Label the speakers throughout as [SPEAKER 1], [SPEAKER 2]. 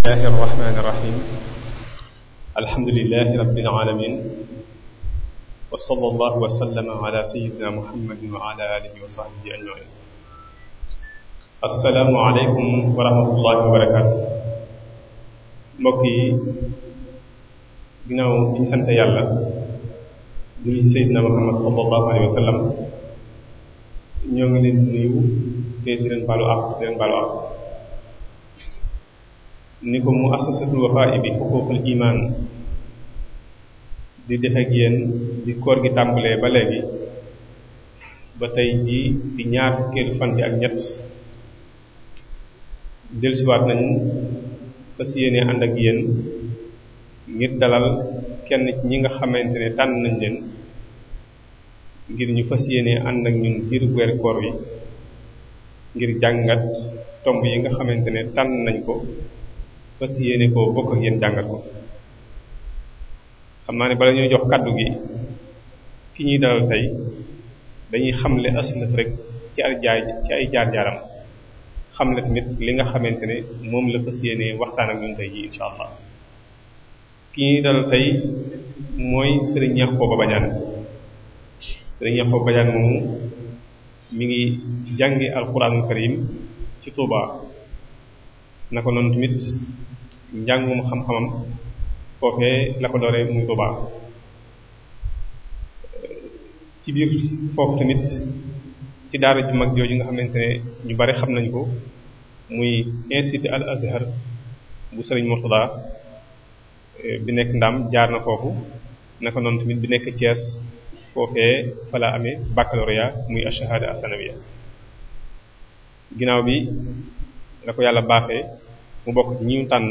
[SPEAKER 1] bismillahi arrahmani irrahim alhamdulilahi rabilalamin wasala allahu wasallama ala sayidina muhammadin wa ala alihi wa sahbihi ajmain assalaamu aleykum wa rahmatullahi wa barakatu mbokk yi ginnaaw bi ñu sant yàlla julli sayidina muhammad salallahu alayhi wa sallam ñoo ngi leen di nuyu te di leen baalu àq di leen baalu àq ni ko mu assasatul Wafa bi xuququl iman di def ak yéen di koor gi tàmbalee ba léegi ba tey jii di ñaar fukkeelu fan bi ak ñett dellusiwaat nañ fas yéene ànd ak yéen ngir dalal kenn ci ñi nga xamante ne tànn nañ leen ngir ñu fas yéene ànd ak ñun diiru weer koor wi ngir jàngat tomb yi nga xamante ne tànn nañ ko fas yéene koo bokk ak yéen ko xam naa ne bala ñuy jox kaddu gi ki ñuy dalal tey dañuy xamle aslëf rek ci ay jaay ci jaar-jaaram xamle tamit li nga xamante ne moom la fas yéene waxtaan ak ñun tey ji incha allah ki ñuy dalal tey mooy sëriñ Ñeex Kooba Badiane sëriñ Ñeex Kooba moomu mi ngi jàngi alquranul karim ci Touba naka noonu tamit njàngum xam-xamam foofee la ko dooree muy Tuubaa ci biir foofu tamit ci daara ju mag jooju nga xamante ne ñu bari xam nañ ko muy institut al azhar bu sëriñ Murtada bi nekk Ndaam jaar na foofu naka noonu tamit bi nekk Thiès foofee fa la amee baccalauréat muy ashahada asanawiyya ginnaaw bi la ko yàlla baaxee mu bokk ñi ñu tànn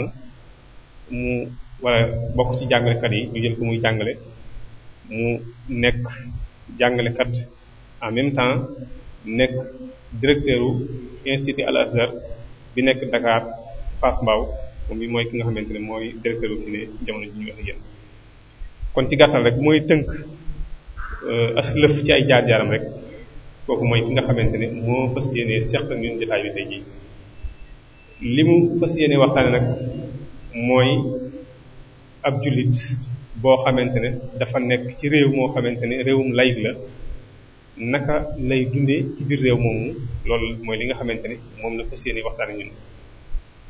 [SPEAKER 1] mu war a bokk ci jàngalekat yi ñu jël ko muy jàngale mu nekk jàngalekat en même temps nekk directeur u institut Al Azhar bi nekk Dakar Fass Mbao moom bi mooy ki nga xamante ne mooy directeur u ne jamono ji ñu wax yéen kon ci gàttal rek mooy tënk euh, aslëf ci ay jaar-jaaram rek kooku mooy ki nga xamante ne moo fas yéene seq ñun bi tey jii li mu fas yéene waxtaane nag mooy ab jullit boo xamante ne dafa nekk ci réew moo xamante ne réewum layit la naka lay dundee ci biir réew moomu loolu mooy li nga xamante ne moom la fas yéene waxtaan ñun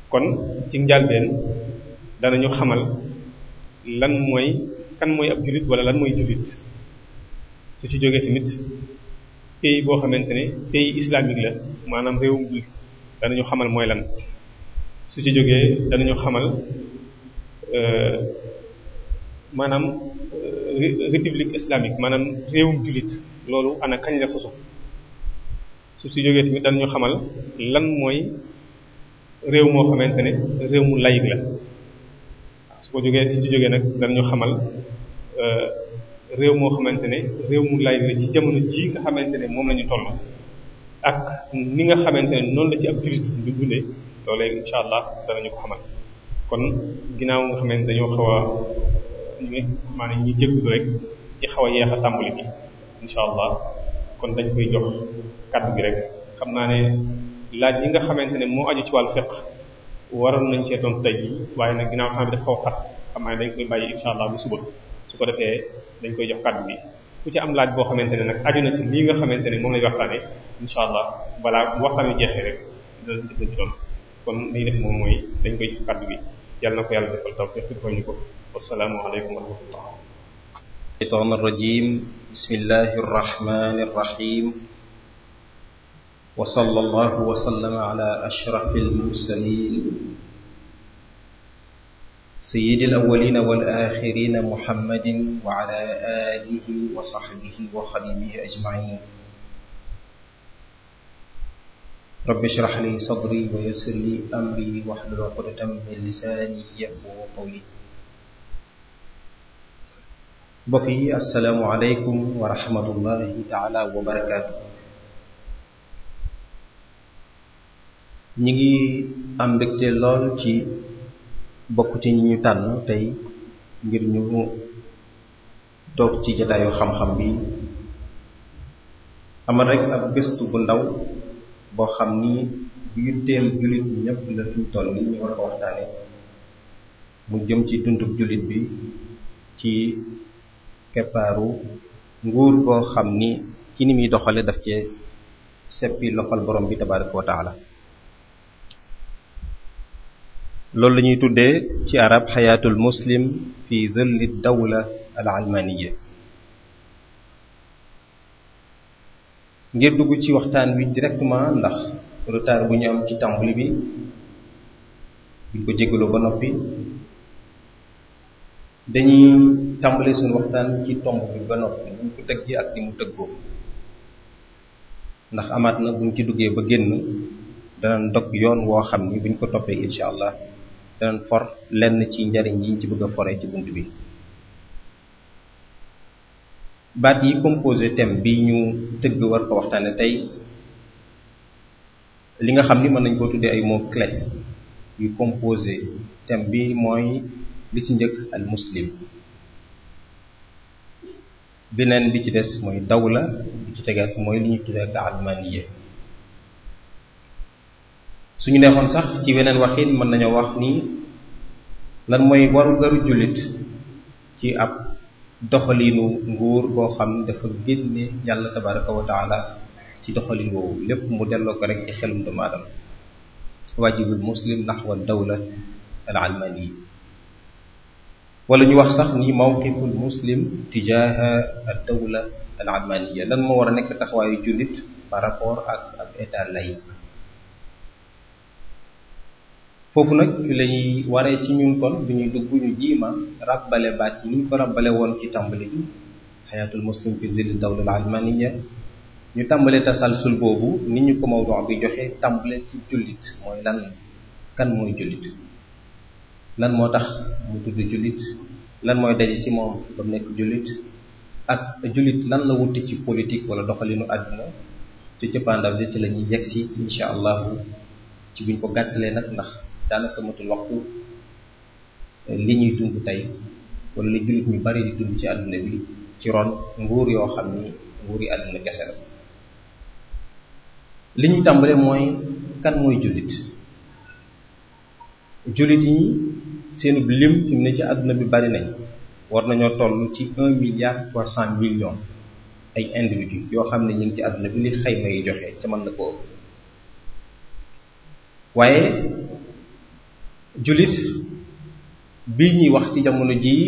[SPEAKER 1] kon ci njàlbeen danañu xamal lan mooy kan mooy ab jullit wala lan mooy jullit su ci jógee tamit pays boo xamante ne pays islamique la maanaam réewum jullit danañu xamal mooy lan su ci jógee danañu xamal euh, maanaam euh, république islamique maanaam réewum jullit loolu ana kañ la sosu su ci jógee tamit danañu xamal lan mooy réew moo xamante ne réew mu laïc la jógee su ci jógee nag danañu xamal euh, réew moo xamante ne réew mu la ci jamono ji nga xamante ne moom la ñu ak ni nga xamante ne noonu la ci ab jullit du dundee loolee incha allah danañu ko xamal kon ginnaaw nga xam ne dañoo xaw a ñu maanaam ñi jégalu rek ci xaw a yeex bi incha allah kon dañ koy jox kàddu gi rek xam naa ne laaj yi nga xamante ne moo aju ci wàllu fiqh waroon nañ cee doon tey jii waaye nag ginnaaw xam bi daf xaw xat xam naa ne dañ koy bàyyi incha allah bu suba su ko defee dañ koy jox kàddu bi ku ci am laaj boo xamante ne nag aju na ci lii nga xamante ne moom lañ waxtaane incha allah balaa waxtaan jeexee rek dinañ gis ci kon liy def moom mooy dañ koy kàddu gi yàlla na
[SPEAKER 2] ko yàlla defal tawfiq defal ñu ko wassalaamu aleykum wa rahmatullah shaytaan arrajim bismillahi arrahmani arrahim wa sallallahu wa sallama ala ashrafil mursalin sayyidil awwalina wal aaxirina muhammadin wa ala aalihi wa sahbihi wa xadimihi ajmain rabbi shrah li sadri wa yassir li amri wahlul uqdatam min lisaani yafqahu qawli mbokk yi assalaamu aleykum wa rahmatullahi taala wa barakaatu ñi ngi am mbégte lool ci bokk ci ñi ñu tànn tey ngir ñu toog ci jataayu xam-xam bi amal rek ab gëstu bu ndaw boo xam ni yitteem jullit bi ñëpp la fi toll ni ñu war ko waxtaane mu jëm ci dundub jullit bi ci keppaaru nguur goo xam ni ci ni muy doxalee daf cee seppi loxol borom bi tabaraka wa taala loolu la ñuy tuddee ci arab xayaatul muslim fi zilli dawla al ngir dugg ci waxtaan wi directement ndax retard bu ñu am ci tàmbali bi buñ ko jégaloo ba noppi dañuy tàmbale suñu waxtaan ci tomb bi ba noppi ñu ko tëggee ak ni mu tëggoo ndax amaat na buñ ci duggee ba génn danañ dog yoon woo xam ni buñ ko toppee incha allah danañ for lenn ci njariñ yiñ ci bëgg a fore ci bunt bi baat yi composé thème bi ñu tëgg war ko waxtaane tey li nga xam ni mën nañ koo tuddee ay mots clés yu composé thème bi mooy li ci njëkk al muslim beneen bi ci des mooy dawla bi ci tegaat mooy li ñu tuddee al almaniye suñu neexoon sax ci weneen waxin mën nañoo wax ni lan mooy waru garu jullit ci ab doxaliinu nguur boo xam dafa génne yàlla tabaraka wa ci doxalin woowu lépp mu delloo ko rek ci xelum doomu aadama waajibul muslim naxwa dawla al almani wala ñu wax sax ni mawqiful muslim tijaha ad dawla al lan moo war a nekk taxawaayu jullit par rapport ak ak état foofu nag lañuy waree ci ñun kon bu ñuy dugg ñu jiima ràbbale baat ñu ko ràbbale woon ci tàmbali bi xayaatul muslim fi zilli dawlal almaniya ñu tàmbale tasalsul boobu ni ñu ko mawduu bi joxe tàmbale ci jullit mooy lan kan mooy jullit lan moo tax mu tudd jullit lan mooy daje ci moom ba nekk jullit ak jullit lan la wuti ci politique wala doxalinu àdduna ci cëppaandaw ji ci la ñuy yegg allahu ci buñ ko gàttalee nag ndax daanaka matul waxtu eh, li ñuy dund tey wala li jullit ñu bari di dund ci àdduna bi ci ron nguur yoo xam ni nguur yi àdduna kese la li ñuy tàmbale mooy kan mooy jullit jullit yi seenub lim fi ne ci àdduna bi bari nañ war nañoo toll ci un milliard trois cent millions ay individus yoo xam ne ñu ngi ci àdduna bi li xayma yi joxe te mën na ko ëpp waaye jullit bii ñuy wax ci jamono jii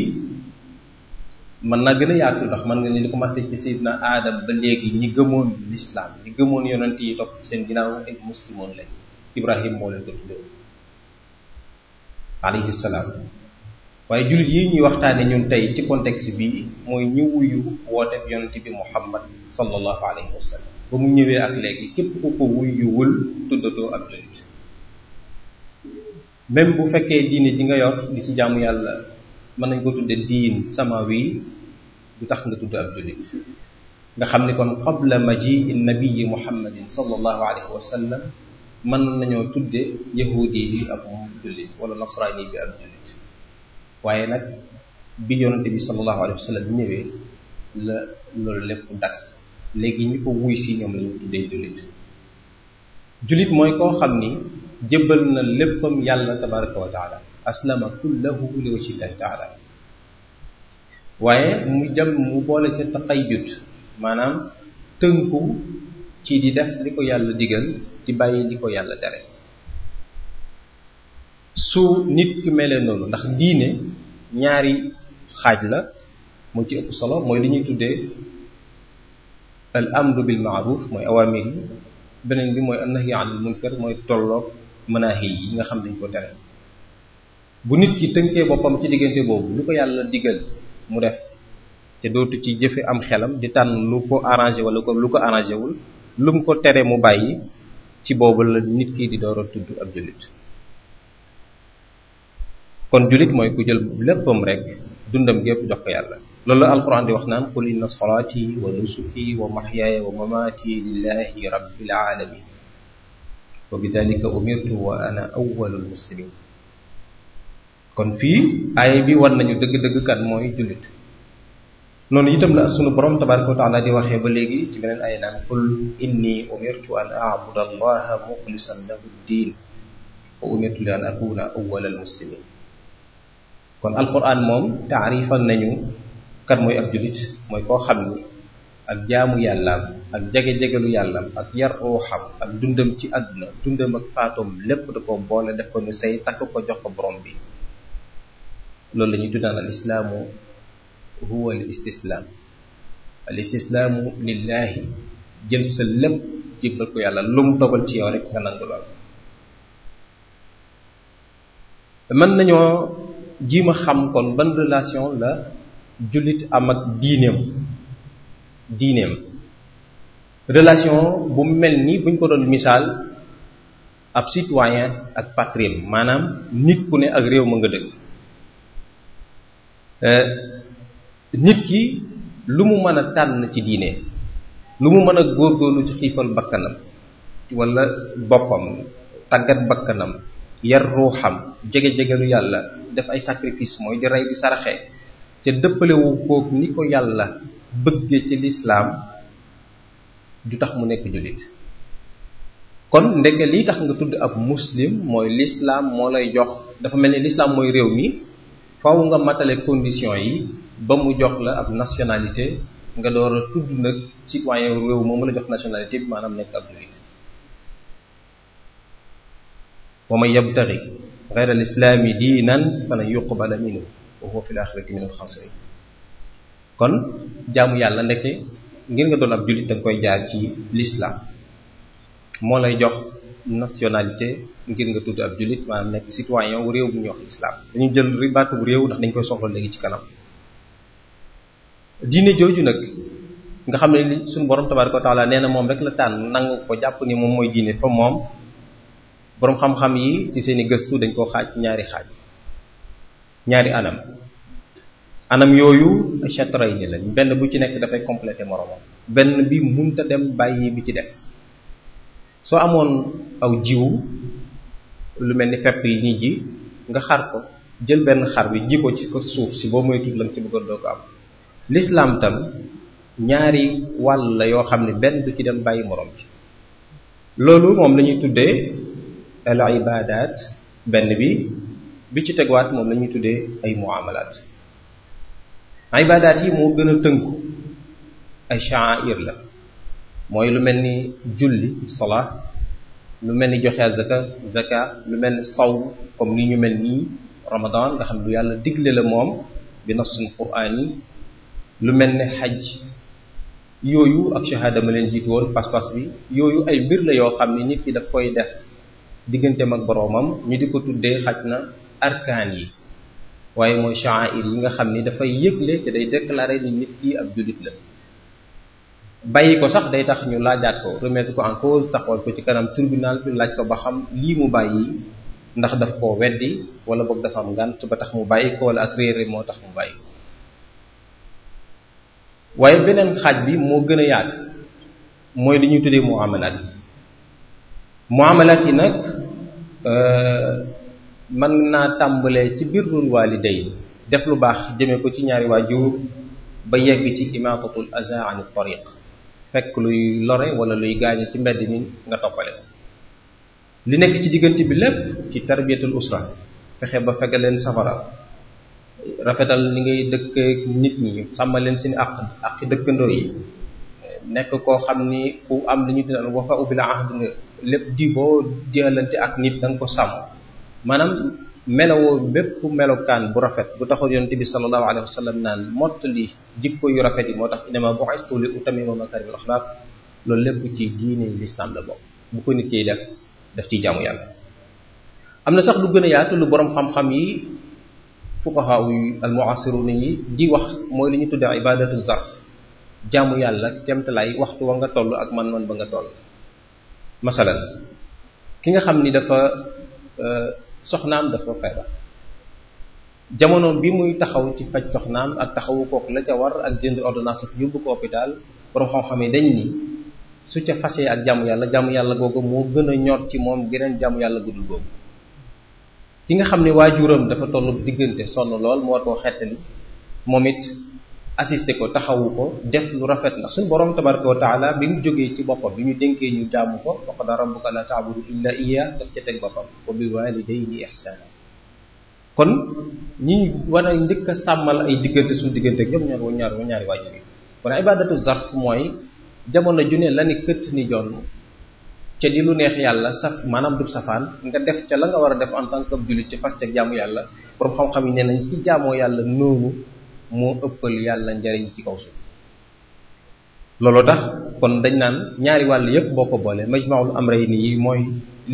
[SPEAKER 2] mën naa gën a yaatu ndax mën nga ni li commencé ci na aadam ba léegi ñi gëmoon lislaam ñi gëmoon yonent yi topp seen ginnaaw ay muslimoon lañ ibrahim moo leen ko tuddee alayhi salaam waaye yi ñuy waxtaane ñun tey ci contexte bi mooy ñi wuyu wooteb yonent bi muhammad sallallahu alayhi wa mu ñëwee ak léegi képp ku ko jullit même bu fekkee diine ji nga yor di ci jaamu yàlla mën nañ ko tudde diin samawi du tax nga tudd ab jullit nga xam ni kon qabla majii nabii muhammadin sallallahu alayhi wa sallam mën nañoo tudde yahudi bi ab jullit waaye nag bi yonante bi sallallahu alayhi wa sallam ñëwee la loolu lépp dak léegi ñi ko wuy si ñoom lañu tuddee jullit jullit mooy koo xam ni jëmbal na léppam yàlla tabaraka wa taala aslama kullahu li wajhillahi taala waaye mu jam mu boole ca taqayyud maanaam tënku ci di def li ko yàlla digal di bàyyi li ko yàlla tere su nit ki melee noonu ndax diine ñaari xaaj la moo ci ëpp solo mooy li ñuy tuddee al amru bil maaruf mooy awaamir beneen bi mooy an nahyi anil munkar mooy tolloog manaahi yi nga xam dañ ko tere bu nit ki tënkee boppam ci diggante boobu lu ko yàlla digal mu def te dootu ci jëfe am xelam di tànn lu ko arrangé wala ko lu ko arrangé wul lu mu ko tere mu bàyyi ci boobu la nit ki di door a tudd ab jullit kon jullit mooy ku jël léppam rek dundam gépp jox ko yàlla loolu alquran di wax naan qul inna salaati wa nusuki wa maxyaaya wa mamaati lillahi rabbil alamin وبذلك أمرت وأنا أول المسلمين kon fii aaya bi war nañu dëgg-dëgg kan mooy jullit noonu itam la sunu borom tabaraka wa taala di waxee ba léegi ci beneen ay naan qul inni umirtu an a'buda allaha muxlisan lahu diin wa umirtu li an akuna awwal al muslimin kon alquran moom taarifal nañu kan mooy ab jullit mooy koo xam ni ak jaamu yàllaam ak jege-jegelu yàllam ak yar ruuxam ak dundam ci àdduna dundam ak faatoom lépp da ko boole def ko nu say takk ko jox ko borom bi loolu la ñuy tuddaan huwa al istislaam al jël sa lépp ko yàlla lu mu dogal ci yow rek nga nangu lool mën nañoo jiim xam kon ban relation la jullit am ak diineem diineem relation bu mel ni buñ ko doon misaal ab citoyen ak patriote maanaam nit ku ne ak réew ma nga dëkk eh, nit ki lu mu mën a tànn ci diine lu mu mën a góor góorlu ci xiifal bakkanam walla boppam tàggat bakkanam yar ruuxam jege-jegelu yàlla def ay sacrifice mooy di rey di saraxe te dëppalewu koog ni ko yàlla bëgge ci lislaam du tax mu nekk jullit kon ndege lii tax nga tudd ab muslim mooy lislaam moo lay jox dafa mel ni lislaam mooy réew mi faw nga matale condition yi ba mu jox la ab nationalité nga door a tudd nag citoyen réew moomu la jox nationalité bi maanaam nekk ab jullit wa man yabtari gayra al islaami diinan falan yuqbala minhu wa huwa fi l axirati min al xasirin kon jaamu yàlla ndeke ngir nga doon ab jullit danga koy jaar ci l'islam moo lay jox nationalité ngir nga tudd ab jullit maanaam nekk citoyen wu réew bu ñuy wax islam dañu jël ribaatu bu réew ndax dañ koy soxla léegi ci kanam diine jooju nag nga xam ne suñu borom tabaraka wa taala nee na moom rek la tànn nangu ko jàpp ni moom mooy diine fa moom boroom xam-xam yi ci seeni gëstu dañ koo xaaj ñaari xaaj ñaari anam anam yooyu chatray ni lañ benn bu ci nekk dafay complété moromam benn bi munta dem bàyyi bi ci des soo amoon aw jiw lu mel ni fepp yi ñuy ji nga xar ko jël benn xar bi ji ci ko suuf si boo moytuwul la ci bëggoon doo ko am l'islam tam ñaari wàll la yoo xam ne benn bi ci dem bàyyi morom ci loolu moom lañuy ñuy tuddee al ibadat benn bi bi ci tegwaat moom lañuy tuddee ay muamalaat ibaadaat yi moo gën a tënku ay sha'air la mooy lu mel ni julli salaa lu mel ni joxe zaka zaka lu mel ni saw comme ni ñu mel nii ramadan nga lu yàlla digle la moom bi nasul quraan yi lu mel ni xaj yooyu ak shahada ma leen jiitu woon pas bi yooyu ay mbir la yoo xam ne nit ki daf koy def digganteem ak boroomam ñu di ko tuddee xaj na arkaan yi waaye mooy sha'air yi nga xam ni dafay yëgle te day déclarer ni nit ki ab jullit la bàyyi ko sax day tax ñu laajaat ko remettre ko en cause taxawal ko ci kanam tribunal bi laaj ko ba xam lii mu bàyyi ndax daf koo weddi wala boog dafa am ngànt ba tax mu bàyyi ko wala moo tax mu bàyyi waaye beneen xaaj bi moo gën a yaatu mooy li ñuy tuddee muamalaat yi muamalaat yi nag euh, man naa tàmbalee ci biir birrul waalidayn def lu baax jëme ko ci ñaari waajur ba yegg ci imaatatul aza an tariq fekk luy lore wala luy gaañu ci mbedd mi nga toppale ko li nekk ci diggante bi lépp ci tarbiyatul usra fexe ba fege leen safara rafetal li ngay dëkkeek nit ñi sàmmal leen seen àq àqi dëkkandoo yi nekk koo xam ni ku am li ñu dina wafa ubbi lépp di boo ak nit da ko sàmm maanaam melowoo bépp melokaan bu rafet bu taxaw yonente bi sallallahu alayhi wa sallam naan mottali jikko yu rafet yi moo tax inama bu'istu li utammima makarimul axlaaq loolu lépp ci diine lislaam la bokk bu ko nit kiy def daf ciy jaamu yàlla na sax lu gën a lu borom xam-xam yi fuqahaa yi almuasiru nit ñi di wax mooy li tudda tuddee ibadatu zar jaamu yàlla kemtalaay waxtu wa nga toll ak man-man ba nga toll masalan ki nga xam ni dafa euh, soxnaam dafa feebar jamono bi muy taxaw ci faj soxnaam ak taxawu kooku la ca war ak jënd ordonnance ak yóbbu ko hôpital borom xam-xam yi dañ ni su ca fasee ak jàmm yàlla jàmm yàlla googu moo gën a ñor ci moom geneen jàmm yàlla guddul googu ki nga xam ne waajuram dafa tollu diggante sonn lool moo war koo xettali moom it assisté ko taxawu ko def lu rafet ndax suñu borom tabaraka wa bi mu jógee ci boppam bi ñu dénkee ñu jaamu ko wa qada rabbuka la taabudu illa iya daf ca teg boppam wa bi walidayni ihsana kon ñi war njëkk a sàmmal ay diggante suñu diggante ñoom ñaar wa ñaar wa ñaari waajur yi kon ibadatu mooy jamono ju ne la ni këtt ni jonn ca di lu neex yàlla saf maanaam du safaan nga def ca la nga war a def en tant que jullit ci fas ca jaamu yàlla borom xam-xam yi nee nañ ci jaamoo yàlla noonu moo ëppal yàlla njariñ ci kaw suuf loolu tax kon dañ naan ñaari wàll yëpp boo ko boole majmaul amrayni yi mooy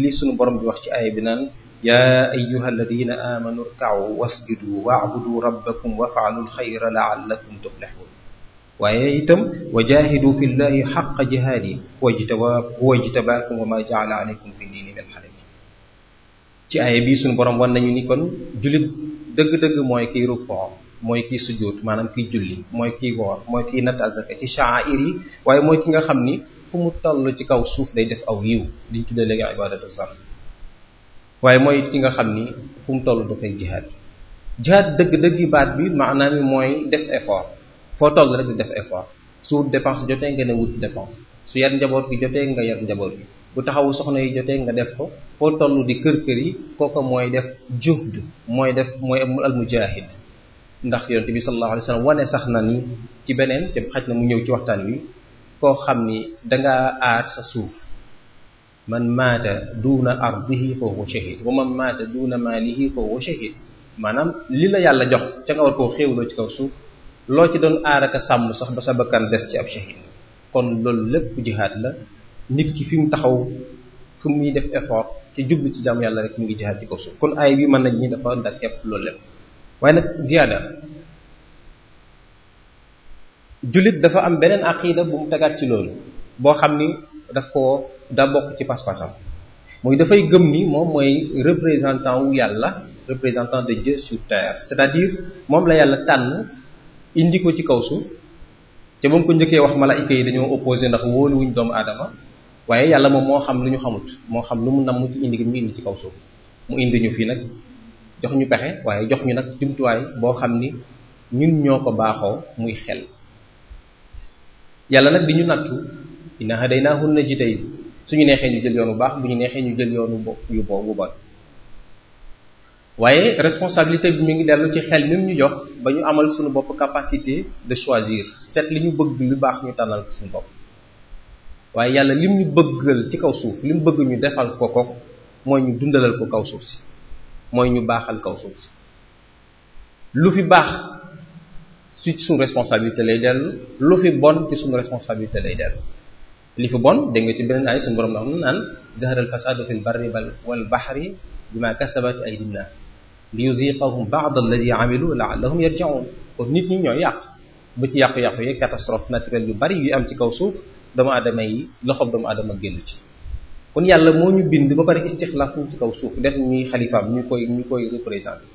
[SPEAKER 2] li sunu borom bi wax ci aaya bi naan yaa ayyuha alladina amanu rkaw wasjudu waabudu rabbakum wafaalu lxayra laallakum tuflixuun waaye itam wa jahidu fi llahi xaqa jihaadi wajtaba wajtabaakum wa ma jaala aleykum fi diini min xaraj ci aaya bi sunu borom wan nañu ni kon julit dëgg-dëgg mooy kiy rukkoo mooy kiy sujjóot maanaam kiy julli mooy kiy woor mooy kii natt azaka ci sha'air yi waaye mooy ki nga xam ni fu mu toll ci kaw suuf day def aw yiw liñ tuddee léegi ibadatu mooy ki nga xam ni fu mu toll dafay jihaad jihaad dëgg-dëggi baat bi maanaam mi mooy def effort foo toll rek def effort su wut dépense jotee nga ne wut dépense su yar njaboot gi jotee nga yar njaboot gi bu taxawu soxna yi jotee nga def ko foo toll di kër kër yi kooka mooy def juhd mooy def mooy al ndax yonente bi sallallahu alayhi wa sallam wane sax na ni ci beneen xaj na mu ñëw ci waxtaan wi koo xam ni danga aar sa suuf man maata duuna ardihi fa huwa shahid wa man maata duuna maalihi fa huwa maanaam li la yàlla jox ca nga war koo xéewloo ci kaw suuf loo ci doon aar sàmm sax ba sa bakkan des ci ab kon loolu lépp jihaad la nit ki fi mu taxaw fi muy def effort ci jublu ci jaamu yàlla rek mu ngi jihaad ci kaw suuf kon ay bi mën nañ ñi dafa ndar képp loolu lépp waaye nag ziyaada jullit dafa am beneen aqida bu mu tegaat ci loolu boo xam ni daf ko daa ci pas-pasam dafay gëm ni moom mooy représentant wu yàlla représentant de Dieu sur terre c'est-à-dire moom la yàlla tànn indi ko ci kaw suuf te ba mu ko njëkkee wax malaayika yi dañoo opposé ndax wóoluwuñ doomu aadama waaye yàlla moom moo xam lu ñu xamut moo xam lu mu namm ci indi gi mu indi ci kaw suuf mu indi ñu fii nag jox ñu pexe waaye jox ñu nag jumtuwaay boo xam ni ñun ñoo ko baaxoo muy xel yàlla nag di ñu nattu na ji najdayn suñu neexee ñu jël yoon bu baax bu ñu neexee ñu jël yoonu bo yu bo bu waaye responsabilité bi ñu ngi dellu ci xel ni ñu jox ba ñu amal suñu bopp capacité de choisir seet li ñu bëgg lu baax ñu tànnal ko suñu bopp waaye yàlla lim ñu bëggal ci kaw suuf lim bëgg ñu defal ko ko mooy ñu dundalal ko kaw suuf si mooy ñu baaxal kaw suuf si lu fi baax si suñu responsabilité lay dellu lu fi bon ci suñu responsabilité lay dellu li fi bon dégg nga ci beneen ay suñu borom la xam naan zahara al fasadu fi l barri wal ay bima kasabat aydi nnas li yuziqahum ba'd alladi amilu la'allahum yarji'un kon nit ñi ñoo yàq bu ci yàqu-yàqu yi catastrophe naturelle yu bari yu am ci kaw suuf doomu aadama yi loxob doomu aadama génn ci kon yàlla moo ñu bind ba pare istixlaaf ñu ci kaw suuf def ñuy xalifaam ñu koy représenté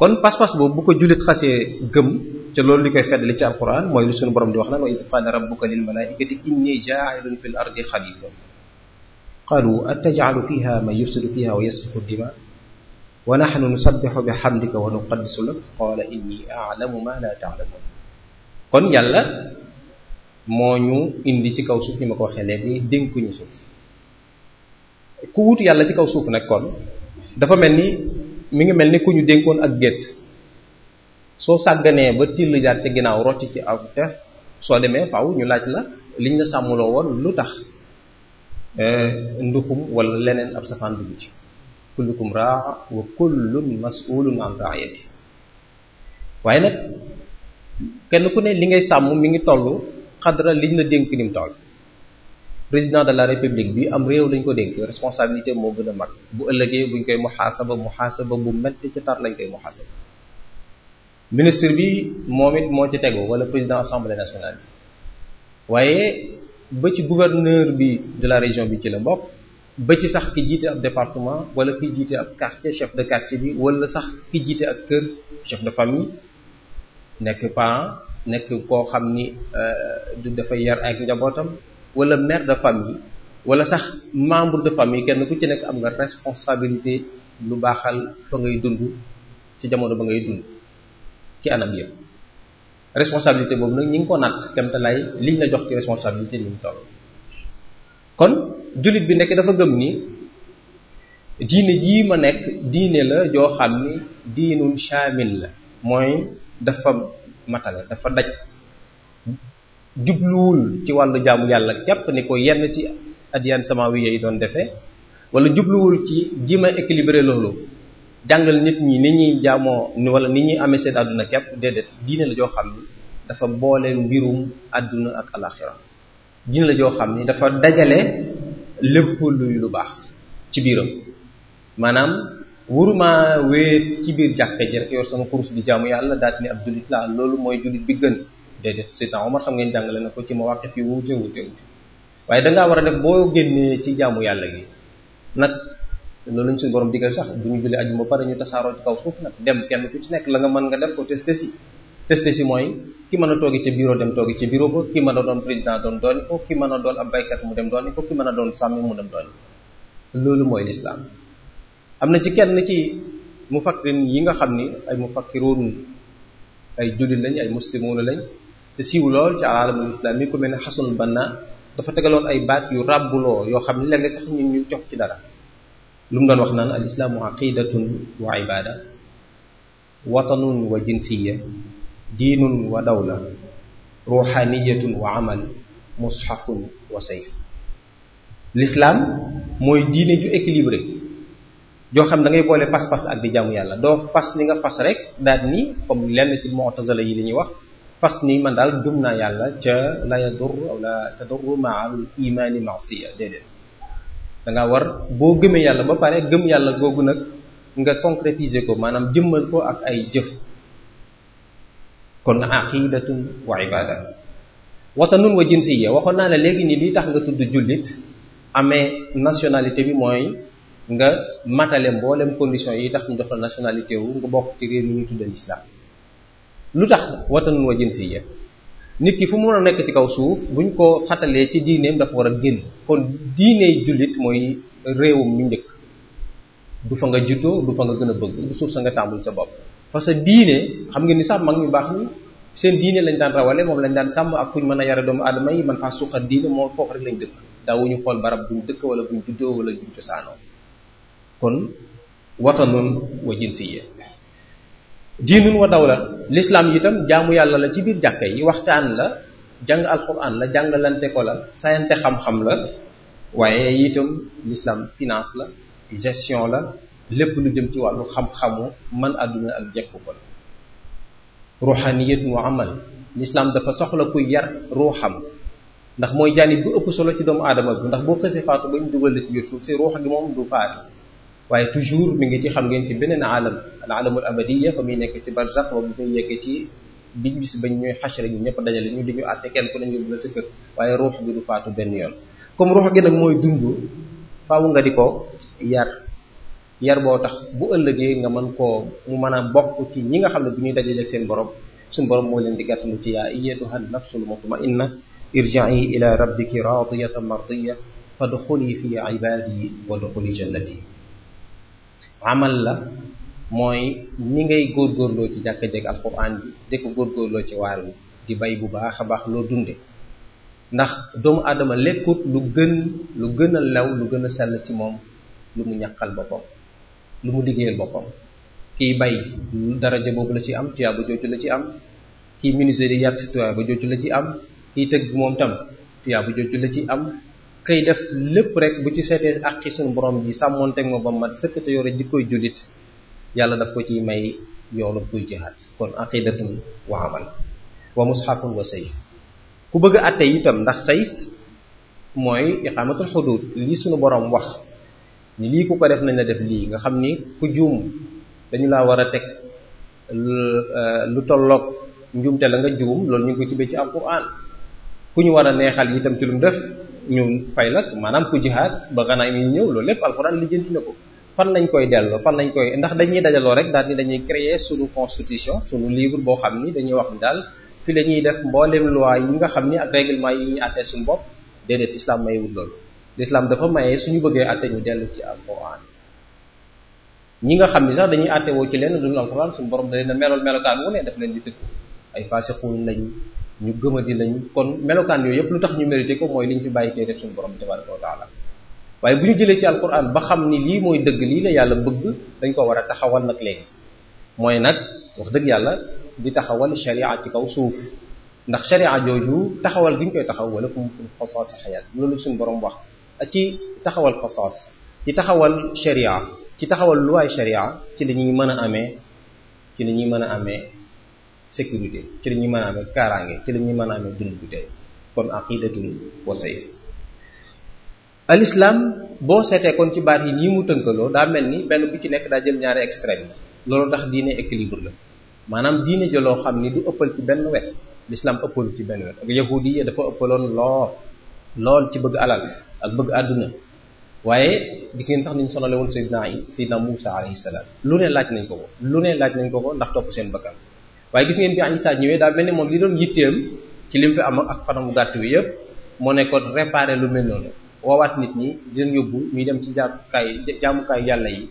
[SPEAKER 2] kon pas-pas boobu bu ko jullit xase gëm ca loolu li koy feddali ci alquran mooy lu suñu borom di wax na wa iz qaala rabbuka lil malaa'ikati inni jaa'ilun fil ardi xalifa qaalu ataj'alu fiha man yufsidu fiha wa yasfiku dima wa nahnu nusabbihu bihamdika wa nuqaddisu lak qaala inni a'lamu ma la ta'lamun kon yàlla moo ñu indi ci kaw suuf ni ma ko waxee léegi dénkuñu suuf ku wut yàlla ci kaw suuf nag kon dafa mel ni mi ngi mel ni ku ñu dénkoon ak gétt soo sàgganee ba till jaar ca ginnaaw rotti ci ak def soo demee faw ñu laaj la liñ la sàmmuloo woon lu tax eh, nduxum wala leneen ab safaan dugg ci waaye nag kenn ku ne li ngay sàmm mu ngi toll xadra liñ la dénk ni mu toll président de la république bi am réew lañ ko dénk responsabilité moo gën a mag bu ëllëgee buñ koy muxaasaba muxaasaba bu metti ci tar lañ koy muxaasaba ministre bi moom it moo ci tegu wala président assemblée nationale bi waaye ba ci gouverneur bi de la région bi ci la bokk ba ci sax ki jiite ab département wala ki jiite ab quartier chef de quartier bi walla sax ki jiite ak kër chef de famille nekk parent nekk koo xam ni euh, du dafa yar ak njabootam wala mère de famille wala sax membre de famille kenn ku ci nekk am nga responsabilité lu baaxal fa ngay dund ci jamono ba ngay dund ci anam yëpp responsabilité boobu nag ñi ngi ko natt kemte lay liñ la jox ci responsabilité ni mu toll kon jullit bi nekk dafa gëm ni diine jii ma nekk diine la joo xam ni diinun shamil la mooy dafa matale dafa daj jubluwul ci wàllu jaamu yàlla jàpp ni ko yenn ci adiyaan samawiya yi doon defee wala jubluwul ci jima équilibré loolu jàngal nit ñi ni ñuy jaamoo ni wala ni ñuy amee seen àdduna képp déedéet diine la joo xam ni dafa boole mbirum àdduna ak alaxira diine la joo xam ni dafa dajale lépp luy lu baax ci biiram maanaam wuruma wéet ci biir jàkka ji rek yor sama kurus di jaamu yàlla daal ni ab jullit loolu mooy jullit bi gën déedéet Seydina xam ngeen jàngale na ko ci mawaqif yi wuute wuute wuute waaye dangaa war a def boo génnee ci jaamu yàlla gi nag loolu lañ suñu borom digal sax bu ñu julli ajuma pare ñu tasaaroo ci kaw dem kenn ku ci nekk la nga mën nga def ko testé si testé si mooy ki mën a toogi ca bureau dem toogi ca bureau ba ki mën a doon président doon dooni ko ki mën a doon ab baykat mu dem dooni ko ki mën a doon sàmmi mu dem dooni loolu mooy lislaam am na ci kenn ci mu mufakkirin yi nga xam ni ay mufakkiroon ay jullit lañ ay muslimuuna lañ te siiw lool ci alaalamul islam yi ku mel ne xasan banna dafa tegaloon ay baat yu ràbbuloo yoo xam ne léeg-léeg sax ñu jox ci dara lu mu doon wax naan al islaamu aqidatun wa ibada watanun wa jinsiya diinun wa dawla ruxaniyatun wa amal mushafun wa sayf l'islam mooy diine ju équilibré joo xam da ngay boole pas-pas ak di jaamu yàlla doo pas li nga fas rek daal ni comme lenn ci mu'tazila yi li ñuy wax fas ni man daal gëm naa yàlla ca la yadur aw la tadur maa al imaani masiya déedéet da war boo gëmee yàlla ba pare gëm yàlla googu nag nga concrétiser ko maanaam jëmmal ko ak ay jëf kon aqidatun wa ibada watanun wa jinsiya waxoon naa la léegi nii li tax nga tudd jullit amee nationalité bi mooy nga matale mboolem condition yi tax ñu jox la nationalité wu nga bokk ci réew mi ñu tuddal islam lu tax watanun si jinsiya nit ki fu mu mën nekk ci kaw suuf bu buñ ko xatalee ci diineem dafa war a génn kon diiney jullit mooy réewum ñu njëkk du fa nga juddoo du fa nga gën a bëgg du suuf sa nga tàmbul sa bopp parce que diine xam ngeen ni sax mag ñu baax ñi seen diine lañ daan rawale moom lañ daan sàmm ak fuñ mën a yare doomu aadama yi man faa suqat diine moo foofu rek lañ dëkk daawuñu xool barab buñ dëkk wala buñ juddoo wala buñ cosaanoo kon watanun wa jinsiyya diinun wa daw la l'islam itam jaamu yàlla la ci biir jàkka yi waxtaan la jàng alquran la jàngalante ko la sayante xam-xam la waaye itam l'islam finance la gestion la lépp lu jëm ci wàllu xam-xamu man àdduna ak jekku ko la ruhaniyat wa amal l'islam dafa kuy yar ruuxam ndax mooy jaanib bu ëpp solo ci doomu aadama bi ndax boo xësee faatu ba ñu dugal la ci biir suuf si ruux moom du faati waaye toujours mi ngi ci xam ngeen ci beneen alam al alamul abadiya fa muy nekk ci barzax moom bu muy yeggee ci biñ bis bañ ñuy xasra ñu ñëpp dajale ñu di ñu àtte kenn ku ne waaye ruux gi du faatu yoon comme ruux gi nag mooy dund faaw nga di ko yar boo tax bu ëllëgee nga mën koo mu man a bokk ci ñi nga xam ne bu ñuy dajaleeg seen borom suñu borom moo leen di gàttalu ci yaa ayyatuha nafsul mutma'inna irja'i ila rabbiki radiyatan mardiya fadxuli fi ibadi wadxuli jannati amal la mooy ni ngay góorgóorloo ci jàkka jeeg alquran bi de ko góorgóorloo ci waar wi di bay bu baax a baax loo dunde ndax doomu aadama lekkut lu gën lu gën a law lu gën a sell ci moom lu mu ñaqal boppam lu mu liggéeyal boppam kiy bay daraja boobu la ci am tuyaa ba jooju la ci am kiy menuisier di yàtt tuyaa ba la ci am kiy tëgg moom tam tuyaa ba la ci am kay def lépp rek bu ci seetee ak suñu borom bi teg ma ba mat sëkk te yore jikkoy jullit yàlla daf ko ci may yoonu kuy jihaad kon aqidatun wa amal wa mushafun wa sayf ku bëgg a atte itam ndax sayf mooy iqamatul xudud lii suñu borom wax ni lii ku ko def nañ la def lii nga xam ni ku juum dañu laa war a teg lu tolloog njuumte la nga juum loolu ñu ko tibbee ci alquran ku ñu war a neexal yitam ci lu mu def ñu fay la maanaam ku jihaad ba ganaay mi ñëw loolu lépp alxuraan lijjanti na ko fan lañ koy delloo fan lañ koy ndax dañuy dajaloo rek daal ni dañuy créer suñu constitution suñu livre boo xam ni dañuy wax daal fi la ñuy def mboolem loi yi nga xam ni ak règlement yi ñuy àttee suñu bopp déedéet islam mayewul loolu l'islam dafa mayee suñu bëggee àtte ñu dellu ci alxuraan ñi nga xam ni sax dañuy àtte woo ci leen duñu alxuraan suñu borom da leen a melool melokaan wu ne def leen di dëkk ay fasiqun lañ ñu gëmadi lañ kon melokaan yooyu yëpp lu tax ñu mérité ko mooy liñ fi bàyyi tey def suñu borom tabaraka wa taala waaye bu ñu jëlee ci alquran ba xam ni lii mooy dëgg lii la yàlla bëgg dañ ko war a taxawal nag léegi mooy nag wax dëgg yàlla di taxawal sharia ci kaw suuf ndax sharia jooju taxawal gi ñu koy taxaw wala kum xosaas xayaat loolu suñu borom wax ci taxawal xosaas ci taxawal sharia ci taxawal luwaay sharia ci la ñuy mën a amee ci la ñuy mën a amee sécurité ci la ñuy mën a amee kaaraange ci la ñuy a amee dund bu tey kon aqidatun wa sayf al islam boo seetee koon ci baat yi nii mu tënkaloo daa mel ni benn bu ci nekk daa jël ñaari extrême loolu tax diine équilibre la maanaam diine ja loo xam ni du ëppal ci benn wet l'islam ëppalu ci benn wet ak yahudi yi dafa ëppaloon lool ci bëgg alal ak bëgg àdduna waaye gis ngeen sax niñ sonale woon sayyidna sayyidna Musa alayhi salaam lu ne laaj nañ ko lu ne laaj nañ ko ndax topp seen bakkan waaye gis ngeen bi Isa ñëwee daa mel ni moom li doon yitteem ci lim fi am ak fanam bu gàtt bi yëpp moo nekkoon réparer lu mel noonu woowaat nit ñi di leen yóbbu ñuy dem ci jaamukaay jaamukaay yàlla yi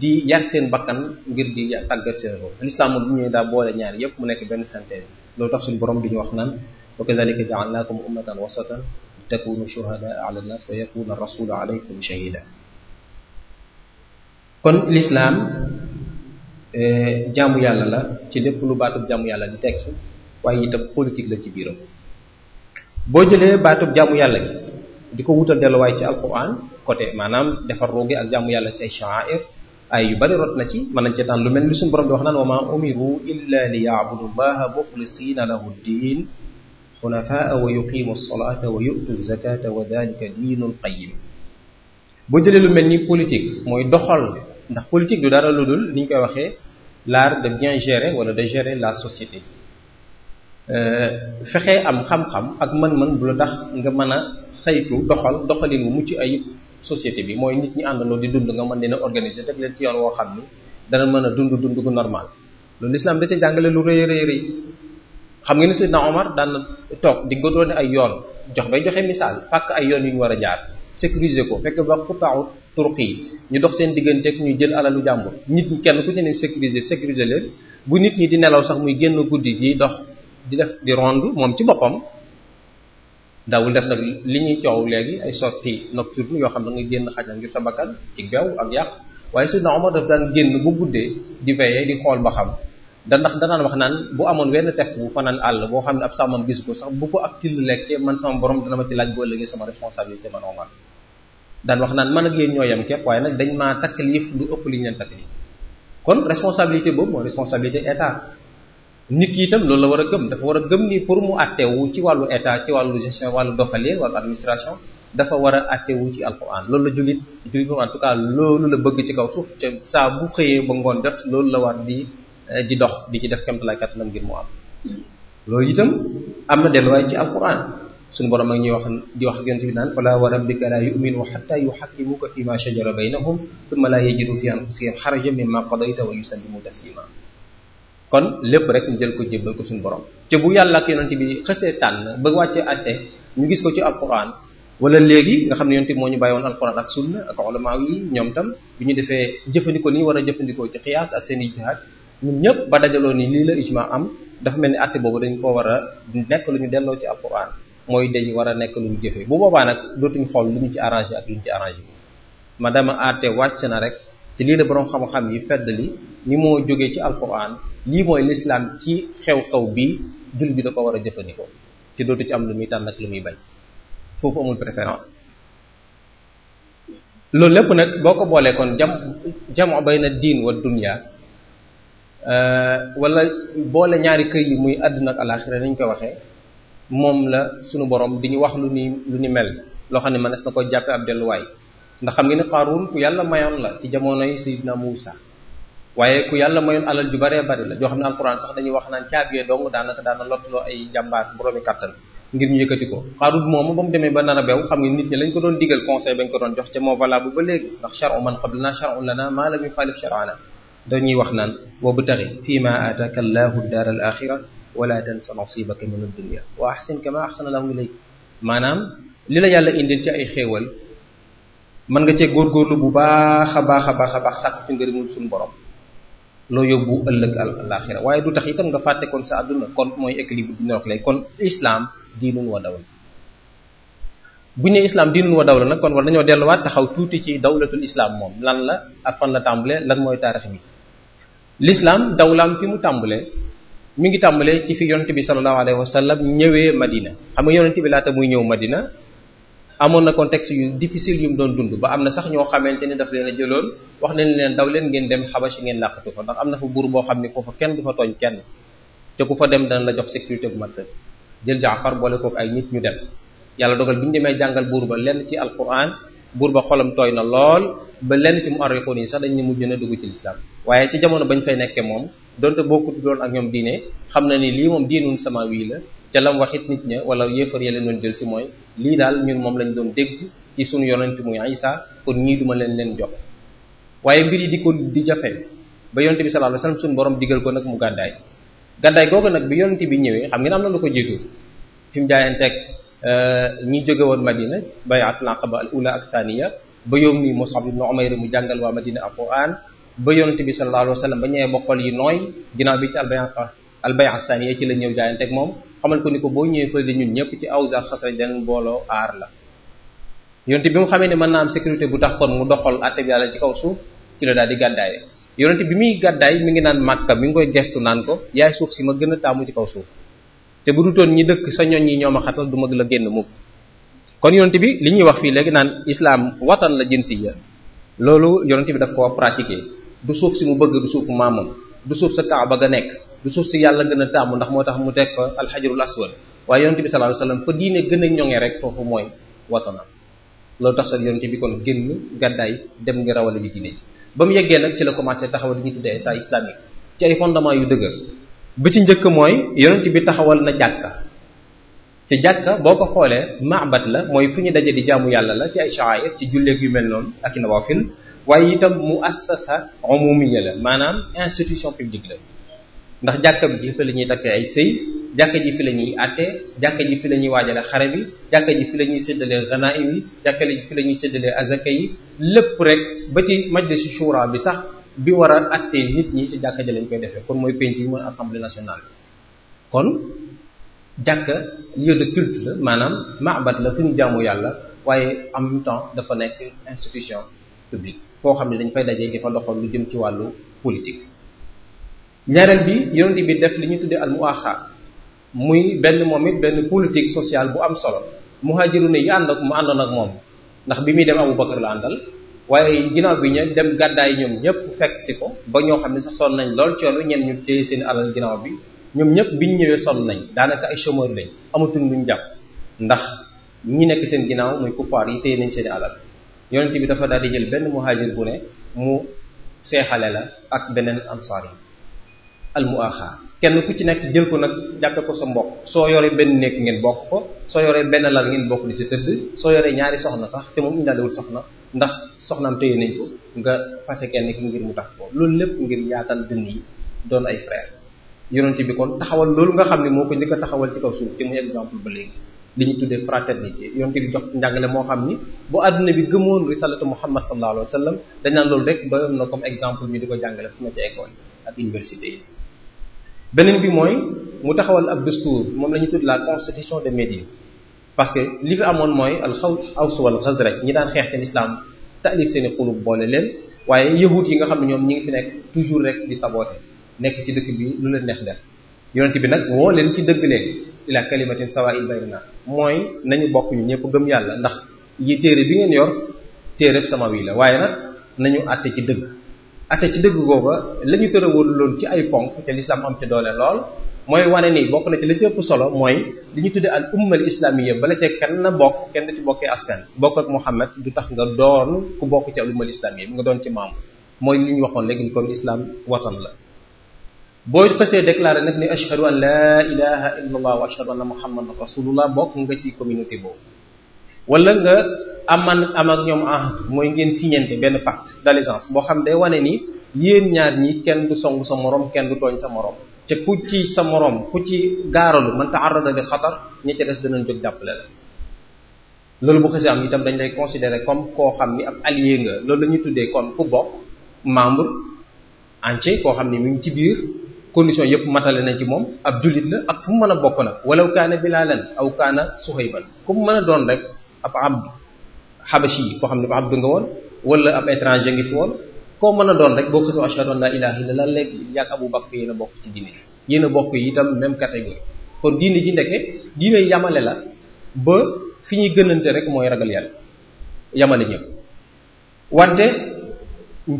[SPEAKER 2] di yar seen bakkan ngir di tàggat seen bopp l'islam ñuy daa boole ñaar yëpp mu nekk benn santé loolu tax suñu borom bi ñu wax naan wa kadhalika ja'alnakum ummatan wasatan takunu shuhadaa ala an-nas wa yakuna ar-rasulu alaykum shahida kon l'islam Eh, jaamu yàlla la ci lépp lu baatub jaamu yàlla di tekki waaye itam politique la ci biiram boo jëlee baatub jaamu yàlla gi di ko wutal delluwaay ci alquran côté maanaam defar ruugi ak jaamu yàlla ci ay sha'air ay yu bari rot na ci mën nañ ci tànn lu mel ni suñu borom di wax naan wa ma umiru illa li ya'budu allaha muxlisina lahu ddin xunafaa wa yuqimu salata wa yu'tu zakata wa dalika diinul qayim boo jëlee lu mel ni politique mooy doxal ndax politique du dara lu dul ni ñu koy waxee laar de bien gérer wala de gérer la société euh, fexe am xam-xam ak mën-mën bu la tax nga mën a saytu doxal doxalin wu mucc ay société bi mooy nit ñi àndandoo di dund nga mën leen a organiser ci yoon xam ni mën a dund dund gu normal loolu lislaam da ca jàngale lu rëy rëy rëy xam nga ni daan toog di godoone ay yoon jox bay joxe misaal fàkk ay yoon yu ñu war a jaar sécuriser ko fekk ba xutaawut turuq yi ñu dox seen digganteeg ñu jël alalu jàmbur nit ñi kenn ku ci ne sécuriser sécuriser leen bu nit ñi di nelaw sax muy génn guddi di dox di def di ronde moom ci boppam dawul def nag li ñuy coow léegi ay sorties nocturnes yoo xam ne nga génn xajal ngir sa bakkan ci beew ak yàq waaye Seydina Omar daf daan génn bu guddee di veiller di xool ba xam da ndax danaan wax naan bu amoon wenn tekk bu fanaan àll boo xam ne ab sàmmam gis ko sax bu ko ak till lekkee man sama borom dana ma ci laaj bu ëllëgee sama responsabilité man Omar daan wax naan man ak yéen ñoo yam képp waaye nag dañ maa taklif lu ëpp li ñu leen taklif kon responsabilité boobu mooy responsabilité état nit ki itam loolu la war a gëm dafa war a gëm ni pour mu attewu ci wàllu état ci wàllu gestion wàllu doxalin wàllu administration dafa war a attewu ci alxuraan loolu la jullit jullit moom en loolu la bëgg ci kaw suuf ca saa bu xëyee ba ngoon jot loolu la war di eh, di dox di ci def kéemtalaay kattanam ngir mu am loolu itam am na delluwaay ci alxuraan suñu borom ak ñu wax di wax yonent bi naan fala wa a la yuminu xata yuxakkimuka fi ma shajara baynahum thumma la yajidu fi anfusihim xarajan mimma qadayta lépp rek ñu jël ko jébbal ko suñu borom te bu yàlla ak yonent bi xësee tànn ba wàcce atte ñu gis ko ci alquran wala léegi nga xam ne yonent bi moo ñu bàyyi woon alquran ak ak ulama yi ñoom tam bi ñu defee jëfandikoo li ñu war a jëfandikoo ci xiyaas ak seen ijtihaad ñun ñëpp ba dajaloo ni lii la ijma am dafa mel ni atte boobu dañ ko war a nekk lu ñu delloo ci alquran mooy dañ war a nekk lu ñu jëfee bu boobaa nag dootuñ xool lu ñu ci arrangé ak lu ñu ci arrangé ma dama àtte wàcc na rek ci lii la boroom xam-xam yi fedd li ni moo jógee ci alquran lii mooy lislaam ci xew-xew bi jul bi da ko war a jëfandikoo ci dootu ci am lu muy tànn ak lu muy bañ foofu amul préférence loolu lépp nag boo ko boolee kon jam jamo na diin wa dunya euh, walla boole ñaari kër yi muy àdduna ak alaxira ni ñu waxee moom la sunu borom di ñu wax lu ni lu ni mel loo xam ne mënees na ko jàppe ab delluwaay ndax xam nga ne Qaaruun ku yàlla mayoon la ci jamonoy Seydina Muusa waaye ku yàlla mayoon alal ju bare bari la jox xam ne alxuraan sax dañuy wax naan caabiyee dong daanaka daana lottuloo ay jàmbaar boroomi kàttan ngir ñu yëkkati ko Qaaruun moomu ba mu demee ba nar a beew xam nga nit ñi lañ ko doon digal conseil ko doon jox ca moo valable ba léegi ndax man qablana charu lana maa lam yuxaalif charana dañuy wax naan wa btari fii ma aataka allahu daar al axira wala tansa nasibaka min ad-dunya wa ahsin kama ahsana Allahu ilayk maanaam li la yàlla indil ci ay xéewal mën nga cee góorgóorlu bu baax a baax a baax a baax sàkk ci suñ suñu borom loo yóbbu ëllëg al alaxira waaye du tax itam nga fàtte kon sa àdduna kon mooy équilibre bi ñorox lay kon islam diinun wa dawla bu ñu ne islam diinun daw dawla nag kon war dañoo delluwaat taxaw tuuti ci dawlatul islam moom lan la ak fan la tàmbalee lan mooy taarix bi mi ngi tàmbalee ci fi yonent bi sallallahu alayhi wa sallam ñëwee Madina xam nga yonent bi laata muy ñëw Madina amoon na contexte yu difficile yu mu doon dund ba am na sax ñoo xamante ni daf leen a jëloon wax nañ leen daw leen ngeen dem xabasi ngeen làqatu fa ndax am na fa buur boo xam ne foofa kenn du fa tooñ kenn te ku fa dem dana la jox sécurité bu mat sëkk jël Jaafar boole kook ay nit ñu dem yàlla dogal bi ñu demee jàngal buur ba lenn ci alquran buur ba xolam tooy na lool ba lenn ci mu arrikoon yi sax dañ ne mujj na dugg ci lislaam waaye ci jamono bañ fay nekkee moom donte bokkut doon ak ñoom diine xam na ni lii moom diinun sama wii la ca lam waxit nit ña wala yéefar ya leen doon jël si mooy lii daal ñun moom lañu doon dégg ci suñu yonent muy Isa kon ñii duma leen leen jox waaye mbir di ko di jafe ba yonent bi sallallahu alayhi suñu borom digal ko nag mu gàddaay gàddaay googu nag bi yonent bi ñëwee xam ngeen am na lu ko jiitu fi mu jaayanteeg euh, ñi jóge woon Madina bayatul aqaba al ula ak thaniya ba yom ni Mus'ab ibn Umayr mu jàngal waa Madina alquran ba yonent bi sallallahu alayhi wa sallam ba ñëwee ba xol yi nooy ginnaaw bi ci albaya albaya saniya ci la ñëw jaayanteeg moom xamal ko ni ko boo ñëwee fële ñun ñëpp ci awsa xasraj danañ booloo aar la yonent bi mu xamee mën naa sécurité bu tax kon mu doxal àtte bi yàlla ci kaw suuf ci la daal di gàddaaye yonent bi muy gàddaay mi ngi naan màkka mi ngi koy gestu naan ko yaay suuf si ma gën a taamu ci kaw suuf te bu dutoon ñi dëkk sa ñoñ yi ñoom a xatal du ma la génn mukk kon yonent bi li ñuy wax fii léegi naan islaam watan la jën si ya loolu yonent bi daf ko pratiquer du suuf si mu bëgg du suufu maamam du suuf sa ba ga nekk du suuf si yàlla gën a taamu ndax moo tax mu teg fa alxajarul aswad waaye yonente bi sallallahu alayhi wasallam fa diine gën a ñoŋe rek foofu mooy na loolu tax sax yonente bi kon génn gàddaay dem nga rawale bi diine ba mu yeggee nag ci la commencé taxawal li ñu tuddee état islamique ci ay fondement yu dëgër bi ci njëkk mooy yonente bi taxawal na jàkka ci jàkka boo ko xoolee maabat la mooy fu ñu daje di jaamu yàlla la ay shaa'ir ci julleeg yu mel noonu ak i waaye itam mu assasa umumiya la maanaam institution publique la ndax jàkka ji fi la ñuy takkee ay sëy jàkka ji fi la ñuy àtte jàkka ji fi la ñuy waajale xare bi jàkka la ñuy séddalee ganaim yi la ñuy séddalee azaka yi lépp rek ba ci majlisu shura bi sax bi war a àttee nit ñi ci jàkka ji lañ koy defee kon mooy penc yi mooy assemblée nationale kon jàkka lieu de culte la maanaam maabat la fu ñu jaamu yàlla waaye en temps dafa nekk institution publique foo xam ne dañ fay daje di fa doxal lu jëm ci wàllu politique ñareel bi yonent bii def li ñu tuddee al muaxa muy benn moom it benn politique sociale bu am solo muhaajiru ne yi ànd ak mu àndoon ak moom ndax bi muy dem Abu Bakar la àndal waaye ginnaaw bi ñu dem gàddaay ñoom ñëpp fekk si ko ba ñoo xam ne sax sonn nañ lool ci coono ñenn ñu téye seen alal ginnaaw bi ñoom ñëpp bi ñu ñëwee sonn nañ daanaka ay chômeur lañ amatuñ luñ jàpp ndax ñi nekk seen ginnaaw muy kufaar yi téye nañ seen alal yonent bi dafa daal di jël benn muhaajir bu ne mu seexale la ak beneen ansaar yi al muaxaa kenn ku ci nekk jël ko nag jàppe ko sa mbokk soo yoree benn nekk ngeen bokk ko soo yoree benn la ngeen bokk di ci tëdd soo yoree ñaari soxna sax te moom indaalewul soxna ndax soxnaam téye nañ ko nga fase kenn ki ngir mu tax ko loolu lépp ngir yaatal dënn yi doon ay frère yonent bi kon taxawal loolu nga xam ne moo ko njëkk taxawal ci kaw suuf te ba léegi li ñu tuddee fraternité yonte bi jox njàngale moo xam ni bu àdduna bi gëmoon risalatu muhammad sallallahu alayhi wa sallam dañ naan loolu rek doyoon na comme exemple ñu di ko jàngale fu ma ci école ak université yi beneen bi mooy mu taxawal ab dastuur moom la ñu tudd la constitution de Médine parce que li fi amoon mooy al xaw aws wal xasraj ñi daan xeex te lislaam taalif seen i xulub boole leen waaye yahut yi nga xam ne ñoom ñi ngi fi nekk toujours rek di saboté nekk ci dëkk bi lu leen neex def yonent bi nag woo leen ci dëgg leen ila kalimatin sawa'in baynana mooy nañu bokk ñu ñëpp gëm yàlla ndax yi téere bi ngeen yor bu sama wii la waaye nag nañu àtte ci dëgg àtte ci dëgg googa la ñu tërawoon loolu ci ay ponk te lislaam am ci doole lool mooy wane nii bokk na ci la ci ëpp solo mooy li ñu tudde al ummal islamiyya bala cee kenn bokk kenn ci bokkee askan bokk ak Muhammad du tax nga doon ku bokk ci al ummal islamiyya bi nga doon ci maam mooy li ñu waxoon léegi ni comme islam watan la boo fasee déclaré nag ni ashhadu an laa ilaha illa allah wa ashhadu anna muhammadan rasulullah bokk nga ci communauté boobu walla nga aman am ak ñoom ahd mooy ngeen signente benn pacte d'allégeance boo xam day wane ni yéen ñaar ñi kenn du song sa moroom kenn du tooñ sa moroom te ku ci sa moroom ku ci gaaralu man taarada li xatar ñi ca des danañ jóg jàppale la loolu bu xasee am itam dañ lay considérer comme koo xam ni ab allié nga loolu la ñuy tuddee kon ku bokk membre koo xam ni mu ngi ci biir condition yëpp matale nañ ci moom ab jullit la ak fu mu mën a bokk nag walaw kaana bilaalan aw kaana suhayban ku mu mën a doon rek ab abd xabashi yi koo xam ne ab abdu nga woon wala ab étranger ngi fi woon koo mën a doon rek boo xasoo ashhadu an la ilaha illallah léegi yàgg abu bakr yéen a bokk ci diine yéen a bokk itam même catégorie kon diine ji ndeke diine yamale la ba fi ñuy gënante rek mooy ragal yàlla yamale ñëpp wante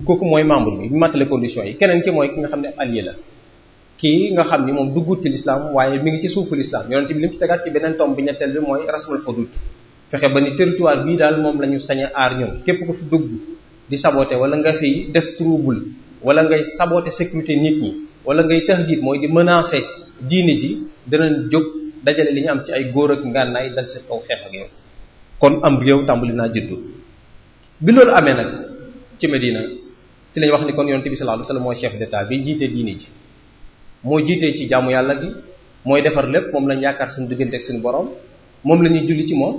[SPEAKER 2] kooku mooy membre bi ñu matale condition yi keneen ki mooy ki nga xam ne allié la kii nga xam ni moom duggut ci lislaam waaye mi ngi ci suufu lislaam yonent bi li mu tegaat ci beneen tomb bi ñetteel bi mooy rasmul hudud fexe ba ni territoire bii daal moom la ñu sañ a aar ñoom képp ku fi dugg di saboté wala nga fi def trouble wala ngay saboté sécurité nit ñi wala ngay tahdid mooy di menacer diine ji danañ jóg dajale li ñu am ci ay góor ak ngànnaay dal sa kaw xeex ak yow kon am réew tàmbali naa juddu bi loolu amee nag ci Medina ci lañ wax ni kon yonent bi sallallahu alayhi wasallam mooy chef d'état moo jiitee ci jàmm yàlla gi mooy defar lépp moom lañ yaakaar suñu diggante ak suñu borom moom la ñuy julli ci moom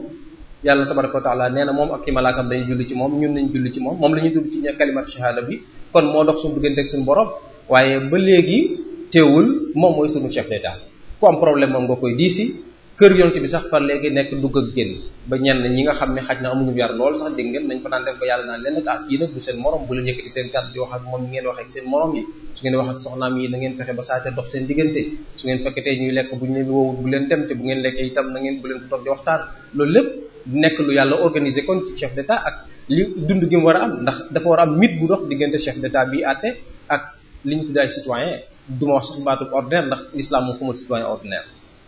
[SPEAKER 2] yàlla tabaraka wa taala nee na moom ak i malaakam dañuy julli ci moom ñun nañ julli ci moom moom la ñuy dugg ci kalimatu shahada bi kon moo dox suñu diggante ak suñu borom waaye ba léegi teewul moom mooy suñu chef daal ku am problème moom nga koy diisi kër yonent bi sax far léegi nekk dugg ak génn ba ñenn ñi nga xam ne xaj na amuñu yar lool sax dégg ngeen nañ ko daan def yàlla naan leen ah, nag du seen morom bu leen yëkkati seen kàddu di wax ak moom ñi ngeen wax ak seen morom yi su ngeen wax ak soxnaam yi na fexe ba saate dox seen diggante su ngeen fekketee ñuy lekk bu ñu leen woowut bu leen dem te bu ngeen lekkee itam na bu leen ko toog waxtaan loolu lépp nekk lu yàlla organisé kon am ndax a am mit bu dox diggante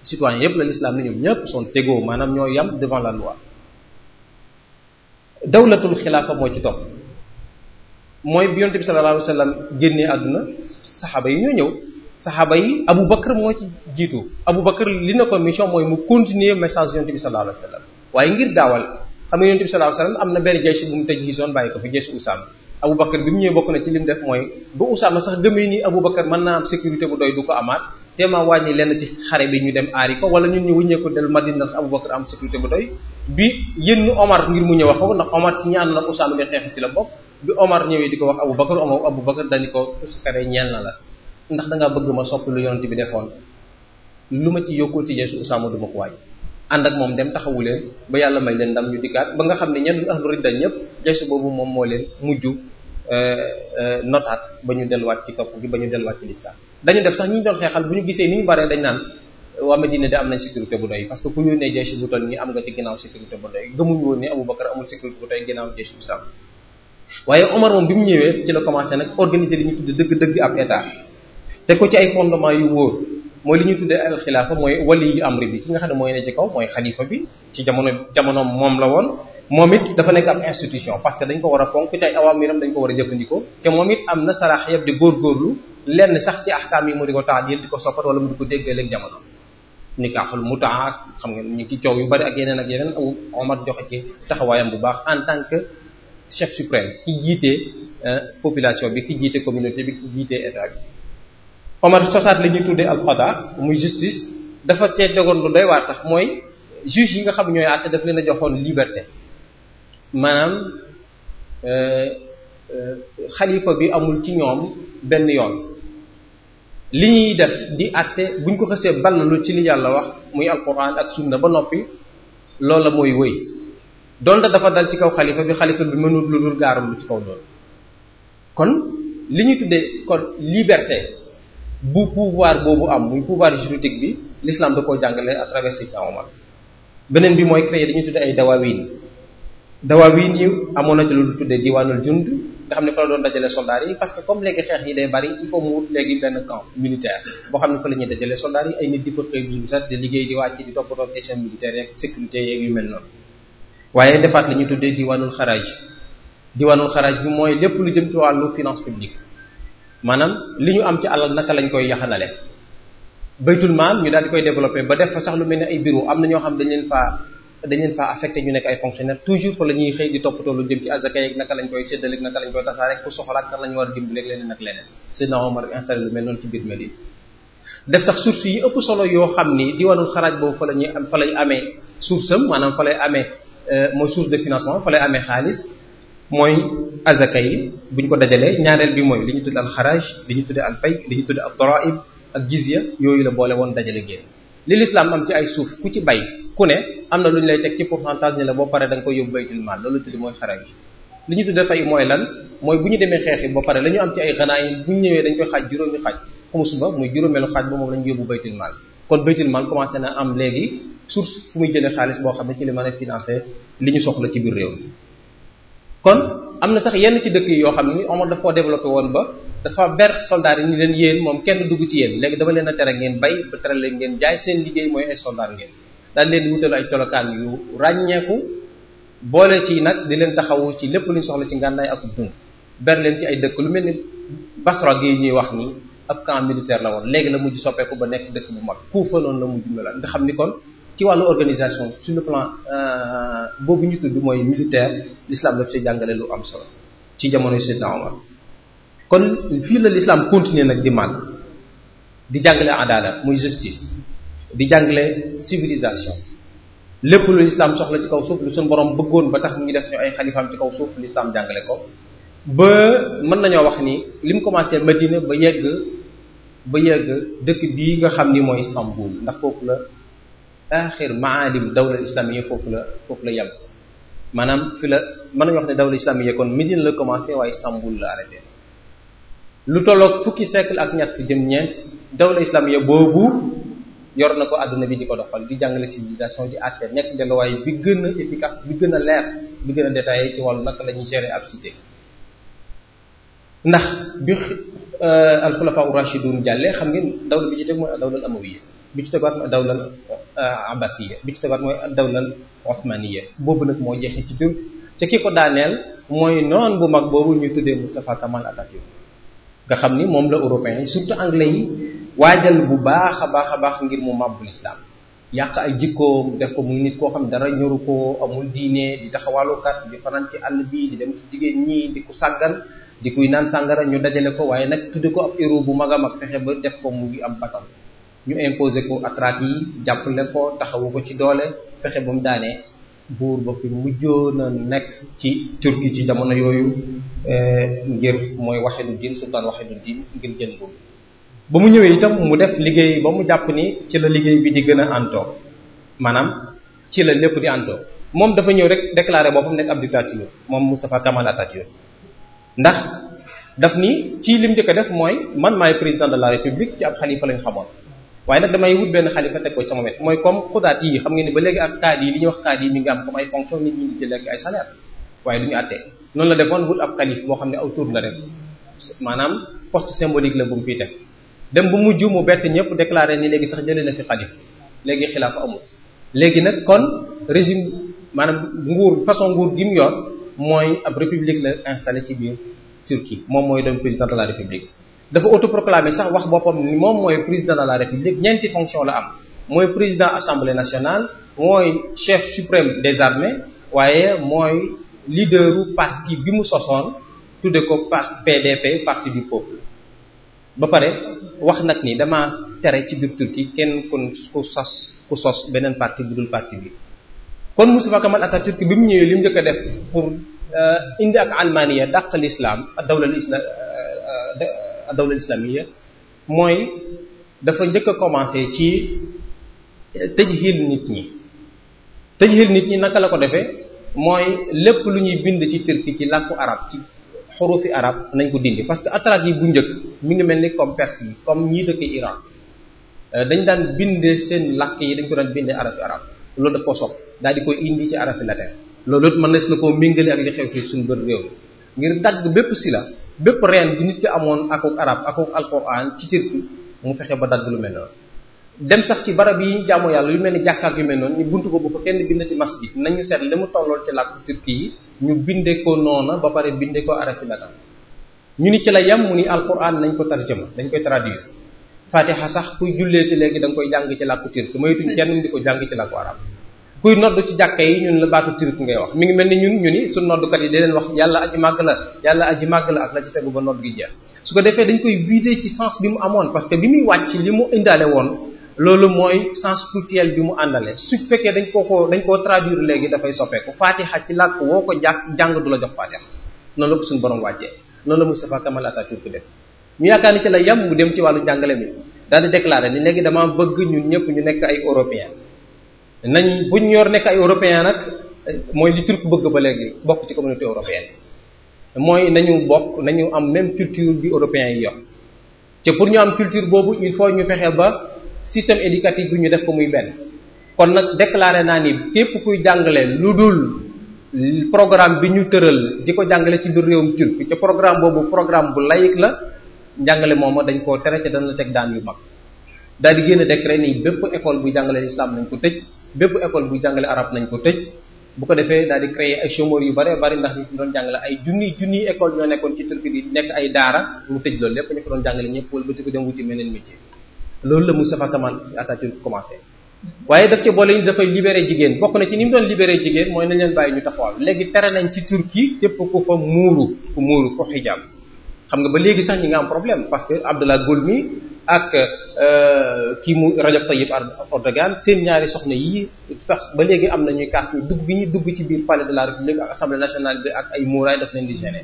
[SPEAKER 2] citoyens yépp la l'islam ni ñoom ñépp sont égaux maanaam ñoo yam devant la loi dawlatul xilaafa moo ci topp mooy bi yonte bi sallallahu alayhi wa sallam génnee àdduna saxaaba yi ñoo ñëw saxaaba yi Abu Bakar moo ci jiitu Abu Bakar li na ko mission mooy mu continuer message yonte bi sallallahu waaye ngir daawal xam nga yonte bi sallallahu alayhi am na benn jeex bu mu tëj gisoon bàyyi ko fi jeex Usaam Abu Bakar bi mu ñëwee bokk na ci li def mooy ba Usaama sax gëmee ni Abu Bakar mën naa am sécurité bu doy du amaat te ma wàññi lenn ci xare bi ñu dem aari ko wala ñun ñu wuññeeku del Madina ndax Abubakar am sécurité bu doy bi yéen Omar ngir mu ñëw wax ko ndax Omar ci ñaan la Usaama bi xeex la bokk bi Omar ñëwee di ko wax Abubakar Omar Abubakar dañu ko xare na la ndax da ngaa bëgg ma soppi lu yonent bi defoon lu ma ci yokkoo ci jeesu Usaama du ma ko wàññi ànd ak moom dem taxawu leen ba yàlla may leen ndam ñu dikkaat ba nga xam ne ñenn ahlu ridda ñëpp jeesu boobu moom moo leen mujj euh, euh, notaat ba ñu delluwaat ci topp gi ba ñu delluwaat ci lislaam dañu def sax ñu doon xeexal bu ñu gisee ni ñu baree dañ naan waa Medina de am nañ sécurité bu doy parce que ku ñu ne jeex bu toll nii am nga ci ginnaaw sécurité bu doy gëmuñu woon ni Aboubacar amul sécurité bu doy ginnaaw jeex bu waaye Omar moom bi mu ñëwee ci la commencé nag organiser li ñu tudde dëgg-dëgg am état te ko ci ay fondement yu wóor mooy li ñuy tuddee al xilaafa mooy wali amri bi ki nga xam ne mooy ne ci kaw mooy xalifa bi ci jamono jamono moom la woon moom it dafa nekk ab institution parce que dañ ko war a fonk te ay awamiram ko war a jëfandikoo te moom it am na sarax yëpp di góorgóorlu lenn sax ci ahkaam yi mu di ko taadil di ko soppat wala mu di ko déggal ak jamono nikaaxul mutaa ak xam nga ñu ci coow yu bari ak yeneen ak yeneen aw Omar joxe ci taxawaayam bu baax en tant que chef suprême ki jiite euh, population bi ki jiite communauté bi ki jiite état bi Omar sosaat la ñuy tuddee al qada muy justice dafa cee dogoon lu doy waar sax mooy juge yi nga xam ñooy àtte daf leen a joxoon liberté maanaam euh, euh, xalifa bi amul ci ñoom benn yoon li ñuy def di àtte buñ ko xësee lu ci li yàlla wax muy alquran ak na ba noppi loolu la mooy wëy donte dafa dal ci kaw xalifa bi xalifa bi mënul lu dul gaaram lu ci kaw loolu kon li ñu tuddee kon liberté bu pouvoir boobu am muy pouvoir juridique bi l'islam da ko jàngale à travers Seydina beneen bi mooy créé dañuy tuddee ay dawawin dawawin yi amoon na ci lu tuddee diwaanul jund nga xam ne fa la doon dajale soldats yi parce que comme léegi xeex yi day bari il faut mu léegi benn camp militaire boo xam ne fa la ñuy dajale soldats yi ay nit di fa xëy bis bu set di liggéey di wàcc di toppatoo question militaire yeeg sécurité yeeg yu mel noonu waaye defaat la ñu tuddee diwaanul xaraaj diwaanul xaraaj bi mooy lépp lu jëm ci wàllu finance publique maanaam li ñu am ci alal naka lañ koy yaxanale baytul maal ñu daal di koy développé ba def fa sax lu mel ne ay bureau am na ñoo xam dañ leen faa dañ leen faa affecté ñu nekk ay fonctionnaire toujours fa la ñuy xëy di toppatoo lu jëm ci azaka naka lañ koy séddaleeg naka lañ koy tasaare ku soxlaat kan lañ war a dimbaleeg leneen ak leneen Seydina Omar installé lu mel noonu ci biir Medine def sax source yi ëpp solo yoo xam ni diwaanul xaraaj boobu fa la ñuy am fa lay amee source am maanaam fa lay amee euh, mooy source de financement fa lay amee xaalis mooy azaka yi buñ ko dajalee ñaareel bi mooy li ñu tudd al xaraj li ñu tudde al fay li ñu tudde al doraib yooyu la boole woon dajale génn li lislaam am ay suuf ku ci bay ku ne am na lu ñu lay teg ci pourcentage ni la boo paree da nga koy yóbbu baytul maal loolu tudd mooy xare bi li ñu tuddee fay mooy lan mooy bu ñu demee xeexi ba pare la ñu am ci ay ganaa bu ñu ñëwee dañ koy xaaj juróomi xaaj xumus ba muy juróomeelu xaaj ba moom la ñu yóbbu baytul maal kon baytul maal commencé na am léegi source fu muy jëlee xaalis boo xam ne ci li mën a financé li ñu soxla ci biir réew mi kon am na sax yenn ci dëkk yi yoo xam ne Omar daf koo développé woon ba dafa ber soldats yi ni leen yéen moom kenn dugg ci yéen léegi dama leen a tere ngeen bay ba tere leen ngeen jaay seen liggéey mooy ay daal leen di wutal ay colokaan yu ràññeeku boole ci nag di leen taxawu ci lépp luñ soxla ci ngànnaay ak dund ber leen ci ay dëkk lu mel ni Basra gi ñuy wax ni ak camp militaire la woon léegi la mujj soppeeku ba nekk dëkk bu mag Kuufa noonu la mujj mel nga xam ni kon ci wàllu organisation sur le plan euh, boobu ñu tudd mooy militaire l'islam daf ci jàngale lu am solo ci jamono Seydina Omar kon fii la l'islam continuer nag di màgg di jàngale adala muy justice di jàngale civilisation lépp lu lislaam soxla ci kaw suuf lu suñu borom bëggoon ba tax mu ngi def ñu ay xalifaam ci kaw suuf lislaam jàngale ko ba mën nañoo wax ni lim commencé Madina ba yegg ba yegg dëkk bii nga xam ni mooy Istanbul ndax foofu la aaxir maalim dawla islamiyya foofu la foofu la yem maanaam fi la mën nañu wax ne dawla islamiyya kon Madina la commencé waaye Istanbul la arrêté lu tolloog fukki siècle ak ñett jëm ñeent dawla islamiyya boobu yor na ko àdduna bi di ko doxal di jàngale civilisation di àtte nekk delluwaay bi gën a efficace bi gën a leer bi gën a détaillé ci wàllu naka la ñuy gérer ab cité ndax bi euh, alxulafa urashidun jàllee xam ngeen dawla bi ci teg mooy dawlal amawiya bi ci tegaat mooy euh, bi ci tegaat mooy dawlal osmaniya boobu nag moo jeexee ci tur ca ki ko daaneel mooy noon bu mag boobu ñu tuddee Mustafa Kamal Atatürk nga xam ni moom la européens yi surtout anglais yi waajal bu baax a baax a baax ngir mu màbbu lislaam yàq ay jikkoom def ko muy nit koo xam dara ñoru ko amul diine di taxawaalukat di fanaan ci àll bi di dem ci jigéen ñi di ko sàggan di kuy naan sàngara ñu dajale ko waaye nag tudde ko ab héros bu mag a mag fexe ba def ko mu gi am batal ñu imposé ko attrape yi jàppale ko taxawu ko ci doole fexe ba mu daanee buur ba fi mujjoon a nekk ci turki ci jamono yooyu eh, ngir mooy waxidu diin sultaan waxidu diin ngir jël nguur ba mu ñëwee itam mu def liggéey ba mu jàpp ni ci la liggéey bi di gën a àntoo maanaam ci la lépp di àntoo moom dafa ñëw rek déclaré boppam nekk ab dictature moom Moustapha Kamal Atatürk ndax daf ni ci lim njëkk a def mooy man maay président de la république ci ab xalifa lañ xamoon waaye nag damay wut benn xalifa teg ko ci sama mooy comme xudaat yii xam ngeen ne ba léegi ak kaadi yi li ñuy wax kaadi yi mi ngi am comme ay fonction nit ñi di jël ak ay salaire waaye du ñu àttee noonu la defoon wut ab xalif boo xam ne aw tur la rek maanaam poste symbolique la bu mu fii teg dem bu mujj mu bett ñëpp déclaré ni léegi sax jëlee na fi xalif léegi xilaafa amul léegi nag kon régime maanaam nguur façon nguur gi mu yor mooy ab république la installé ci biir moom mooy doon président de la république dafa autoproclamé sax wax boppam ni moom mooy président de la république ñeenti fonction la am mooy président assemblée nationale mooy chef suprême des armées waaye mooy leaderu parti bi mu sosoon tudde ko par PDP parti du peuple ba pare wax nag ni dama tere ci biir Turquie kenn kon ku sos ku sos beneen parti bu dul parti bi kon Mustafa Kemal Atatürk bi mu ñëwee li mu njëkk a def pour euh, indi ak almania dàq l'islam dawla l'islam euh, euh, dawla islamiyya mooy dafa njëkk a commencé ci eh, tëjhil nit ñi tëjhil nit ñi naka la ko defee mooy lépp lu ñuy bind ci turki ci làkku arab ci xurufi arab nañ ko dindi parce que atrak yi bu njëkk mi ngi mel ni comme perse yi comme ñii dëkk Iran eh, dañ daan binde seen làkk yi dañ ko daan binde arafi arab loolu daf koo sopp daal di koy indi ci arafi latin loolu it mën na si na koo méngale ak li xew ci suñu bët réew ngir dagg bépp sila bépp reen bu nit ki amoon akuk arab akuk alquran ci cirku mu fexe ba dagg lu mel noonu dem sax ci barab yi ñu jaamu yàlla yu mel ni jàkkaak yu mel noonu ñu buntu ko bu fa kenn bindati masjid nañu seet li mu tollool ci làkku turki yi ñu binde ko noona ba pare binde ko arafi latam ñu ni ci la yem mu ni alquran nañ ko tarjuma dañ koy traduire fatiha sax kuy julleeti léegi da nga koy jàng ci làkku turki moytuñ kenn di ko jàng ci làkku arab kuy nodd ci jàkka yi ñun la baatu turc ngay wax mi ngi mel ni ñun ñu ni suñ noddkat yi di leen wax yàlla aji màgg la yàlla aji màgg la ak la ci tegu ba nodd gi jeex su ko defee dañ koy vidé ci sens bi mu amoon parce que bi muy wàcc li mu indaale woon loolu mooy sens culturel bi mu àndale su fekkee dañ koo ko dañ koo traduire léegi dafay soppeeku faatixa ci làkk woo ko jàkk jàng du la jox faatixa noonu la ko suñu borom wàccee noonu la Moustapha a Atatürk def ñu yaakaar ni ci la yam mu dem ci wàllu jàngale mi daal di déclaré ni léegi bëgg ñun ñëpp ñu nekk ay européens nañ buñ yor nekk ay européen nag mooy li turc bëgg ba léegi bokk ci communauté européenne mooy nañu bokk nañu am même culture bi européen yi yor te pour ñu am culture boobu il faut ñu fexee ba système éducatif bi ñu def ko muy benn kon nag déclaré naa ni képp kuy jàngale lu dul programme bi ñu tëral di ko jàngale ci biir réewum turc ca programme boobu programme bu laïque la jàngale moom mooma dañ koo tere ca dana teg daan yu mag daal di génn décret ni bépp école buy jàngale islam nañ ko tëj bépp école buy jàngale arab nañ ko tëj bu ko defee daal di créer ay chômeurs yu bare bari ndax ñi doon jàngale ay junni junni école ñoo nekkoon ci Turquie di nekk ay daara mu tëj loolu lépp ñu fi doon jàngale ñëpp wala bëti ko dem wuti meneen métier loolu la Moustapha Kamal Atatürk commencé waaye daf ci boole ñu dafay libéré jigéen bokk na ci ni mu doon libéré jigéen mooy na leen bàyyi ñu taxawal léegi tere nañ ci Turquie képp ku fa muuru ku muuru ko xijaab xam nga ba léegi sax ñi nga am problème parce que Abdallah Gül mi ak euh, kii mu Rajab Tayyip Erdogan seen ñaari soxna yi sax ba léegi am na ñuy kaas ñu dugg bi ñu dugg ci biir pale de la république ak assemblée nationale bi ak ay muraay daf leen di gêner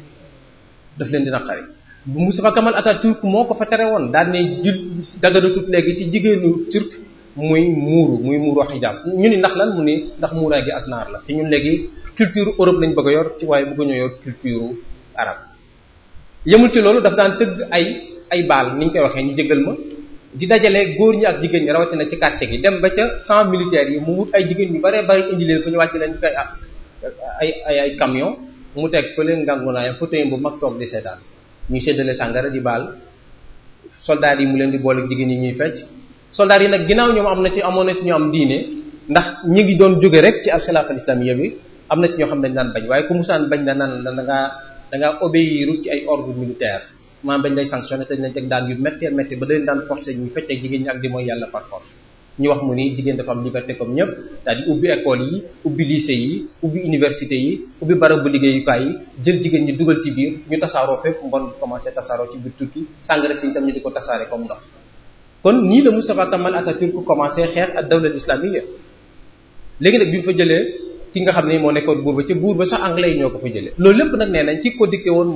[SPEAKER 2] daf leen di naqari bu Mustafa Kemal Atatürk moo ko fa tere woon daan ne jul daganatut léegi ci jigéenu turc muy muuru muy muuru wax xijaab ñu ni ndax lan mu ni ndax muuraay gi ak naar la ci ñun léegi culture Europe lañ bëgg a yor ci waaye bëgguñu yor culture arabe yemul ci loolu daf daan tëgg ay ay baal ni ñu koy waxee ñu jëggal ma di dajale góor ñi ak jigéen ñi rawatina ci quartier gi dem ba ca camp militaire yi mu wut ay jigéen ñu bare bari indi leen fu ñu wàcc leen koy ay ay camion mu teg fële ngangunaayam fauteuil bu mag toog di seetaan ñuy séddale sàngara di baal soldats yi mu leen di boole jigéen ñi ñuy fecc soldats yi nag ginnaaw ñoom am na ci amoon na ci ñu am diine ndax ñu ngi doon jóge rek ci al xilaafa islamiyya bi am na ci ñoo xam ne dañ daan bañ waaye ku musaan bañ da naan da ngaa da ngaa obéir ci ay maanaam dañ lay sanctionné te dañ lay teg daan yu méttee méttee ba dañ daan forcé ñu fecc ak jigéen ñi ak di mooy yàlla par ñu wax mu ni jigéen dafa liberté comme ñëpp daal ubbi école yi ubbi lycée yi ubbi université yi ubbi barabu liggéeyukaay yi jël jigéen ñi dugal ci biir ñu tasaaroo fépp mbon commencé tasaaroo ci biir tukki sàngara si itam ñu di ko tasaare comme ndox kon nii la Moustapha Tamal Atatürk commencé xeex ak dawlat islamiyya léegi nag bi mu jëlee ki nga xam ne moo nekkoon buur ba ca buur ba sax anglais yi ñoo ko fa loolu lépp nag nee nañ ki ko dicté woon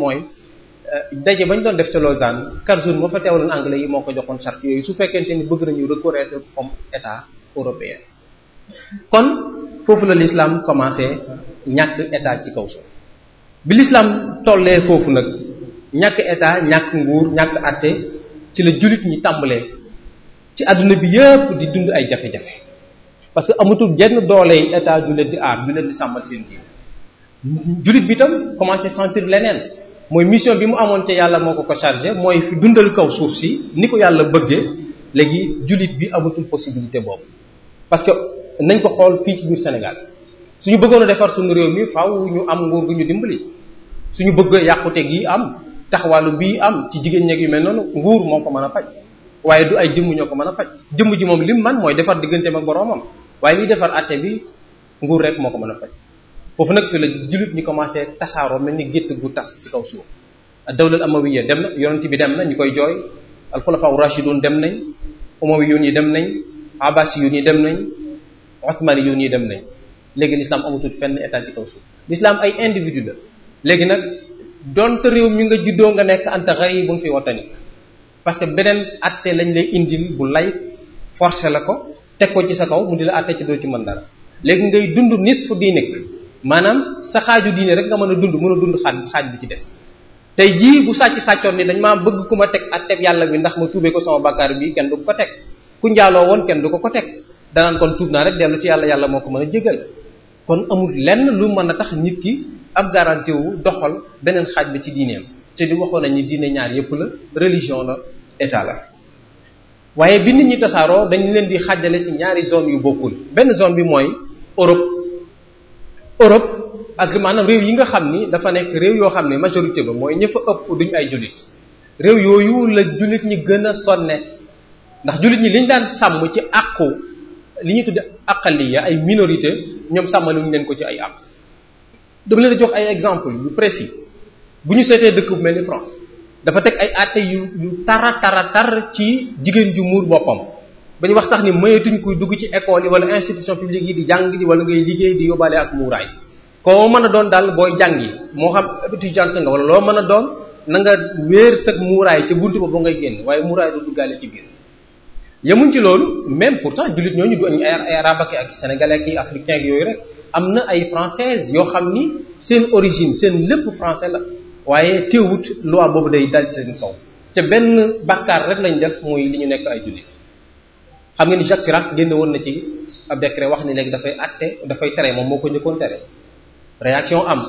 [SPEAKER 2] Euh, daje bañ doon def ca Lausanne Carzone moo fa teewaloon anglais yi moo ko joxoon charte yooyu su fekkente ni bëgg nañu reconnaître comme état européen kon foofu la l'islam commencé ñàkk état ci kaw suuf bi l'islam tollee foofu nag ñàkk état ñàkk nguur ñàkk àtte ci la jullit ñi tàmbalee ci àdduna bi yëpp di dund ay jafe-jafe parce que amatul jenn doole yi état ju leen di aar ju leen di sàmmal seen diine jullit bi tam commencé sentir leneen mooy mission bi mu amoon te yàlla moo ko ko chargé mooy fi dundal kaw suuf si ni ko yàlla bëgge léegi jullit bi amatul possibilité boobu parce que nañ ko xool fii ci biir Sénégal suñu bëggoon a defar suñu réew mi faaw ñu am nguur gu ñu dimbali suñu bëgg yàqute gi am taxawaalu bii am ci jigéen ñeeg yu mel noonu nguur moo ko mën a faj waaye du ay jëmm ñoo ko mën a faj jëmm ji moom lim man mooy defar digganteem ak boroomam waaye liy defar àtte bi nguur rek moo ko mën a faj foofu nag fi la jullit ñi commencé tasaaroo mel ni gétt gu tas ci kaw suuf dawlal amawiya dem na yonent bi dem na ñu koy jooy al xulafa rashidun dem nañ yoon yi dem nañ abbasiyun yi dem nañ usmaniyun yi dem nañ léegi l'islam amatul fenn état ci kaw suuf l'islam ay individu léegi nag donte réew mi nga juddoo nga nekk anta xëy bu nga fi watani parce que beneen atte lañ lay indil bu lay forcé la ko teg ko ci sa kaw mu di la atte ci doo ci man dara léegi ngay dund nisfu diinik maanaam sa xaaju diine rek nga mën a dund mën a dund xaaj xaaj bi ci des tey jii bu sàcc sàccoon ni dañ maa bëgg ku ma teg ak teg yàlla bi ndax ma tuubee ko sama bàkkaar bi kenn du ko teg ku njaaloo woon kenn du ko ko teg danaan kon tuub naa rek dellu ci yàlla yàlla moo ko mën a jégal kon amul lenn lu mën a tax nit ki ab garantie wu doxal beneen xaaj bi ci diineem te di waxoon nañ ni diine ñaar yépp la religion la état la waaye bi nit ñi tasaaroo dañu leen di xàjjale ci ñaari zone yu bokkul benn zone bi mooy Europe Europe ak maanaam réew yi nga xam ni dafa nekk réew yoo xam ne majorité ba mooy ñi fa ëpp duñu ay jullit réew yooyu la jullit ñi gën a sonne ndax jullit ñi liñ daan sàmm ci àqu li ñu ñuy tudde aqaliya ay minorité ñoom sàmmaluñ leen ko ci ay àq dama leen a jox ay exemple yu précis bu ñu seetee dëkk bu mel ni France dafa teg ay àtte yu yu tara tara tar ci jigéen ju muur boppam ba ñu wax sax ni mayatuñ kuy dugg ci école yi wala institution publique yi di jàng ji wala ngay liggéey di yóbbaale ak muuraay koo mën a doon daal booy jàng yi moo xam étudiant nga wala loo mën a doon na nga wéer sag muuraay ca buntu ba ba ngay génn waaye muuraay du duggaale ci biir yemuñ ci loolu même pourtant jullit ñooñu du ay ay arabe ak ak sénégalais ak africain ak yooyu rek am na ay française yoo xam ni seen origine seen lépp français la waaye teewut loi boobu day dal ci seen kaw ca benn bàkkaar rek lañ def muy li ñu nekk xam ngeen ni Jacques Chirac génne woon na ci ab décret wax ni léegi dafay atte dafay tere moom moo ko njëkkoon tere réaction am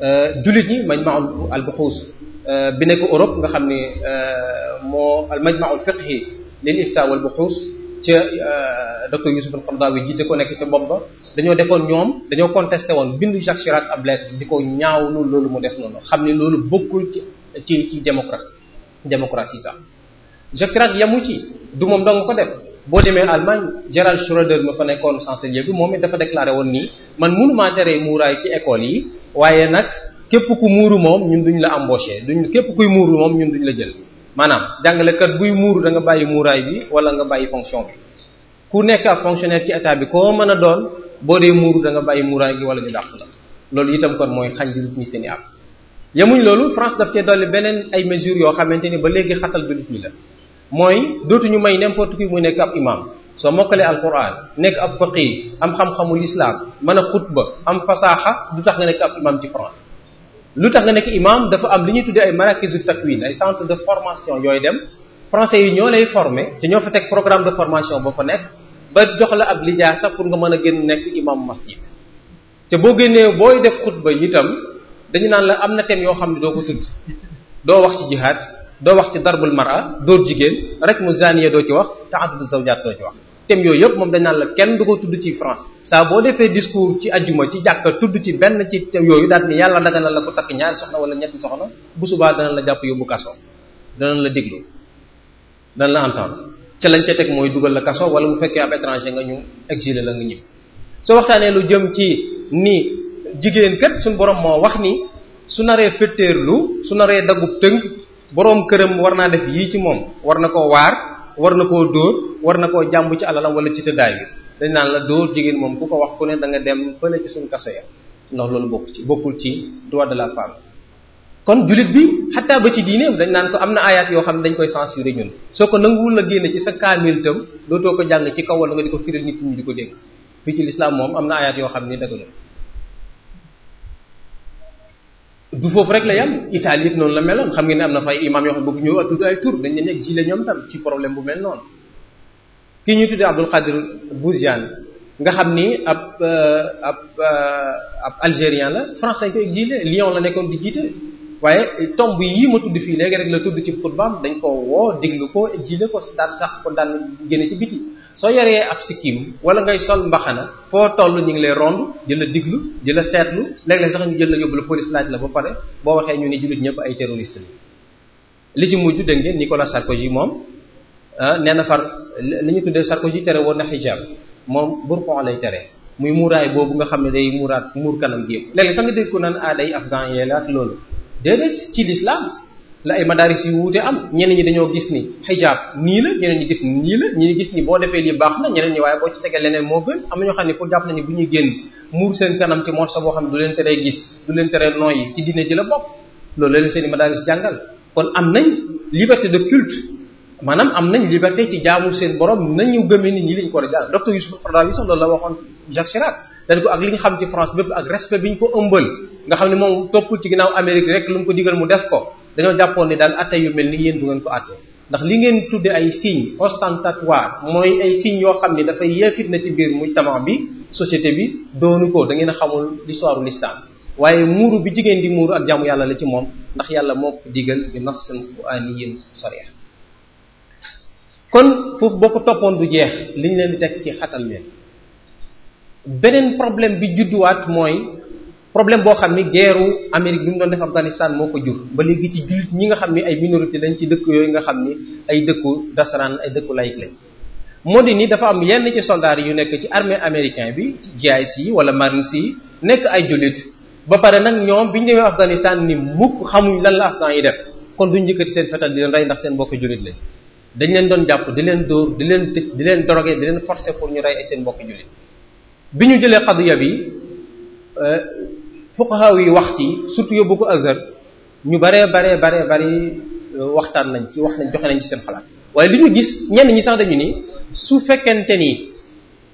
[SPEAKER 2] euh, jullit ñi majma'ul al buxuus euh, bi nekk Europe nga xam ni euh, moo al majma'ul fiqhi lil ifta wal buxuus ca docteur Youssouf al-Qaradawi jiite ko nekk ca bopp ba dañoo defoon ñoom dañoo contesté woon bindu Jacques Chirac ab lettre di ko ñaawlu loolu mu def noonu xam ni loolu bokkul ci ci ci démocrate démocratie sax Jacques Chirac ci du moom dong ko def boo demee Allemagne Gerhard Schröder ma fa nekkoon chancelier bi moom it dafa déclaré woon nii man mënumaa teree muuraay ci école yi waaye nag képp ku muuru moom ñun duñu la embauché duñ képp kuy muuru moom ñun duñu la jël maanaam jàngalekat buy muuru danga bàyyi muuraay bi wala nga bàyyi fonction bi ku nekk ak fonctionnaire ci état bi koo mën a doon boo dee muuru da nga bàyyi muuraay bi wala ñu dàq la loolu itam kon mooy xañ jullit ñi seen i am yemuñ loolu France daf cee beneen ay mesures yoo xamante ni ba léegi xatal jullit ñi la mooy dootuñu may n'importe qui muy nekk ab imam soo mokkalee alquran nekk ab faqih am xam-xamu lislaam mën a xutba am fasaaxa du tax nga nekk ab imam ci France lu tax nga nekk imam dafa am li ñuy tuddee ay marakizu takwin ay centre de formation yooyu dem français yi ñoo lay formé ci ñoo fa teg programme de formation ba fa nekk ba jox la ab lijaasa pour nga mën a génn nekk imam masjid te boo génnee booy def xutba itam dañu naan la am na thème yoo xam ne doo ko doo wax ci doo wax ci darbul mara dóor jigéen rek mu zaniya doo ci wax ta'addud zawjaat doo ci wax thème yooyu yëpp moom dañ la kenn du ko tudd ci France saa boo defee discours ci ajjuma ci jàkka tudd ci benn ci thème yooyu daal mi yàlla na la ko takk ñaari soxna wala ñetti soxna bu subaa danañ la jàpp yóbbu kaso danañ la déglu danañ la entendre ca lañ ca teg mooy dugal la kaso wala bu fekkee ab étranger nga ñu exilé la nga ñib soo waxtaanee lu jëm ci ni jigéen kat suñu borom moo wax ni su naree fetteerlu su naree dagub tënk boroom këram war naa def yii ci moom war na ko waar war na koo dóor war na koo jàmb ci alalam wala ci tëddaay bi dañ naan la dóor jigéen moom ku ko wax ku ne da nga dem fële ci suñu kaso ya ndax loolu bokk ci bokkul ci droit de la femme kon jullit bi xataa ba ci diineem dañ naan ko am na ayat yoo xam ne dañ koy censurer ñun soo ko nanguwul la génne ci sa kaamil tam dootoo ko jàng ci kaw wala nga di ko firil nit ñi di ko dégg fii ci lislaam moom am na ayat yoo xam ne daganul du foofu rek la yam Italie it noonu la meloon xam ngeen ne am na fa imam yoo xam ne bëgg ñëw tudd ay tur dañ leen exilé ñoom tam ci problème bu mel noonu kii ñuy tuddee Abdul Qadir Bouziane nga xam ni ab euh, ab euh, ab algérien la France dañ ko exilé Lyon la nekkoon di jiite waaye tomb yii ma tudd fii léegi rek la tudd ci xutbaam dañ koo woo diglu ko exilé ko daan sax ko daan génne ci biti soo yoree ab sikkim wala ngay sol mbaxana foo toll ñu ngi lay rond di la diglu di la seetlu léeg-léeg sax ñu jël la yóbbu la police laaj la ba pare boo waxee ñu ni jullit ñëpp ay terroriste li ci mujj dégg ngeen Nicolas Sarkozy moom ah, nee na far li ñu tuddee Sarkozy tere woon na hijab moom burqon lay tere muy muuraay boobu nga xam ne day muuraat muur kanam gi yëpp léegi sax nga dégg ko naan ah day afghan yee la loolu déedéet ci l'islam la ay madaaris yu wuute am ñeneen ñi dañoo gis ni xijaab nii la ñeneen ñi gis ni nii la ñi gis ni boo defee lii baax na ñeneen ñi waaye boo ci tegee leneen moo gën am na ñoo xam ne pour jàpp nañu bu génn muur seen boo xam ne du leen teree teree nooyi ci diine ji la bokk loolu la leen am nañ liberté de am nañ liberté ci jaamu seen borom nañu gëmee ni ñii lañ ko war a jàng docteur Youssouf Qaradawi sax loolu la waxoon Jacques Chirac dañ ko ak li xam ci France bépp ak respect bi ñu ko ëmbal nga xam ne moom toppul ci ginnaaw Amérique rek lu mu ko digal mu def ko dañoo jàppoon ni daal atte yu mel ni yéen du ngeen ko atte ndax li ngeen tudde ay signes ostentatoires mooy ay signes yoo xam ne dafay yeefit na ci biir mujtama bi société bi doonu ko da ngeen a xamul l'histoire l'islam waaye muuru bi jigéen di muuru ak jaamu yàlla la ci moom ndax yàlla moo ko digal bi nassin qur'aniyyin sarih kon foofu boo ko toppoon du jeex liñ leen di teg ci xatal leen beneen problème bi judduwaat mooy problème boo xam ni guerru Amérique bi mu doon def Afghanistan moo ko jur ba léegi ci jullit ñi nga xam ni ay minorité lañ ci dëkk yooyu nga xam ni ay dëkku dasaraan ay dëkku laïc lañ moo di nii dafa am yenn ci soldats yu nekk ci armée américain bi ci GIC yi wala marines yi nekk ay jullit ba pare nag ñoom biñu demee Afghanistan ni mukk xamuñu lan la afghan yi def kon duñ njëkkati seen fetal di leen rey ndax seen mbokk jullit lañ dañ leen doon jàpp di leen dóor di leen di leen drogué leen forcer pour ñu rey ay seen mbokk jullit bi ñu jëlee xadiya bi euh, fuqaha yi wax ci surtout yóbbu ko azhar ñu baree baree baree bari euh, waxtaan nañ ci wax nañ joxe nañ ci seen xalaat waaye li ñu gis ñenn ñi sax dañu ni su fekkente ni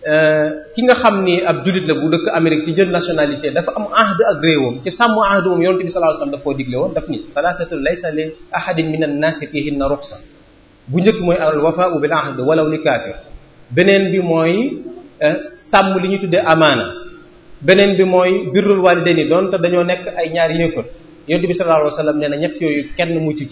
[SPEAKER 2] euh, ki nga xam ni ab jullit la bu dëkk Amérique ci jël nationalité dafa am ahd ak réewam te sàmm ahd moom yonent bi sallallahu alayhi wasallam daf koo digle woon daf ni salaasatu laysa li ahadin min na fihinna ruxsa bu njëkk mooy al wafaa'u bil ahd walaw li kaafir beneen bi mooy euh, sàmm li ñu tuddee amaana beneen bi mooy birrul walidayni donte dañoo nekk ay ñaar yéefar yonent bi sallallahu alayhi wasallam nee na ñett yooyu kenn mucc ci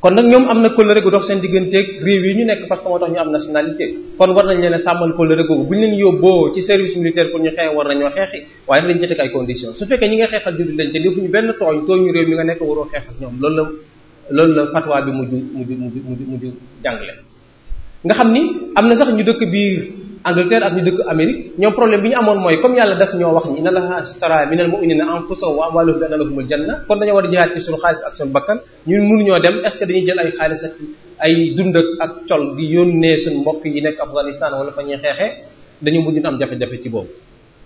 [SPEAKER 2] kon nag ñoom am na kóllëre gu dox seen digganteeg réew yi ñu nekk parce que moo tax ñu am nationalité kon war nañ leen sàmmal kóllëre googu bu ñu leen yóbboo ci service militaire pour ñu xeex war nañoo xeexi waaye dañ ci teg ay conditions su fekkee ñi nga xeexal jullit lañ te defuñu benn tooñ tooñu réew mi nga nekk waroo xeex ñoom loolu la loolu la fatwa bi mujj mujj mujj mujj jàngale nga xam ni am na sax ñu dëkk biir Angleterre ak ñu dëkk Amérique ñoom problème bi ñu amoon mooy comme yàlla daf ñoo wax ñi inna Allaha ashtara minal mu'minina anfusahum wa amwalahum bi anna lahumul janna kon dañoo war a jihaad ci suñu xaalis ak suñu bakkan ñun mënuñoo dem est ce jël ay xaalis ak ay dund ak col di yónnee suñu mbokk yi nekk Afghanistan wala fa ñuy xeexee dañu mujj am jafe-jafe ci boobu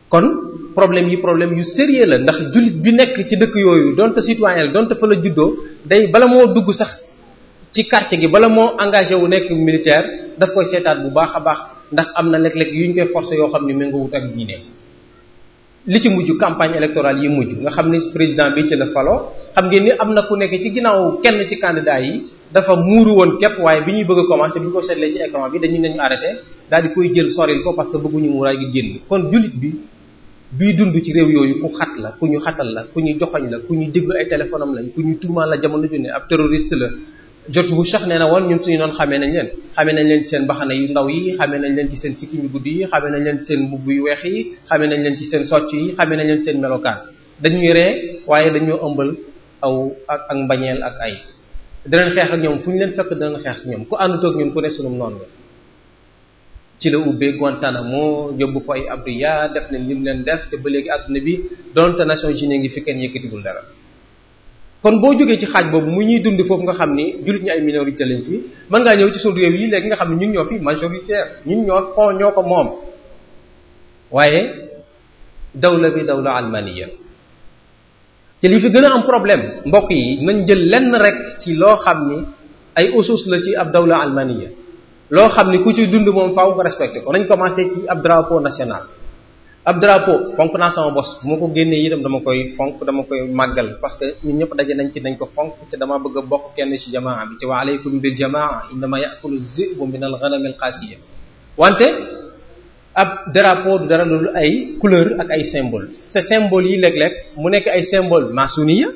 [SPEAKER 2] kon problème yi problème yu sérieux la ndax jullit bi nekk ci dëkk yooyu donte citoyen la donte fa la moo dugg sax ci quartier gi bala moo engagé wu nekk militaire daf koy seetaat bu baax a baax ndax am na léeg-léeg yu ñu koy forcé yoo xam ne méngoo wut ak diine li ci mujj campagne électorale yi mujj nga xam ni président bi ci la falo xam ngeen ni am na ku nekk ci ginnaaw kenn ci candidat yi dafa muuru woon képp waaye bi ñuy bëgg a commencé bi ñu ko seetlee ci écran bi dañu nañu arrêté daal di koy jël soril ko parce que bëgguñu muuraay gi génn kon jullit bi biy dund ci réew yooyu ku xat la ku ñu xatal la ku ñu joxoñ la ku ñu déglu ay téléphone lañ la jamono ju ne ab terroriste la George Bush sax nee na woon ñun suñu noon xamee nañ leen xamee nañ leen ci seen baxana yu ndaw yi xamee nañ leen ci seen sikkim yu gudd yi xamee nañ leen ci seen mbubb yu weex yi xamee nañ leen ci seen socc yi xamee nañ leen melokaan dañuy ree waaye dañoo ëmbal aw ak ak mbañeel ak ay danañ xeex ak ñoom fu ñu leen fekk danañ xeex ak ñoom ku àndutoog ñun ku ne sunum noonu la ci la ubbee Guantanamo yóbbu fa ay abriya def na lim leen def te ba léegi àdduna bi donte Nations Unies ngi fi kenn yëkkatigul dara kon boo jógee ci xaaj boobu mu ñuy dund foofu nga xam ni jullit ñi ay minorité lañ fi mën ngaa ñëw ci suñu réew yi léegi nga xam ne ñun ñoo fi majoritaire ñun ñoo ko ñoo ko moom waaye dawla bi dawla almaniya te li fi gën a am problème mbokk yi nañ jël lenn rek ci loo xam ni ay usus la ci ab dawla almaniya loo xam ni ku ci dund moom faaw nga respecté ko nañ commencé ci ab drapo national ab drapeau fonk naa sama bos bu ko génnee itam dama koy fonk dama koy màggal parce que ñun ñëpp daje nañ ci nañ ko fonk te dama bëgg bokk kenn ci jamaa bi ci wa aleykum bil jamaa innama yakulu zibu min al ghanam al qasiya wante ab drapeau du dara loolu ay couleur ak ay symbole ces symboles yi léeg-léeg mu nekk ay symbole masuniya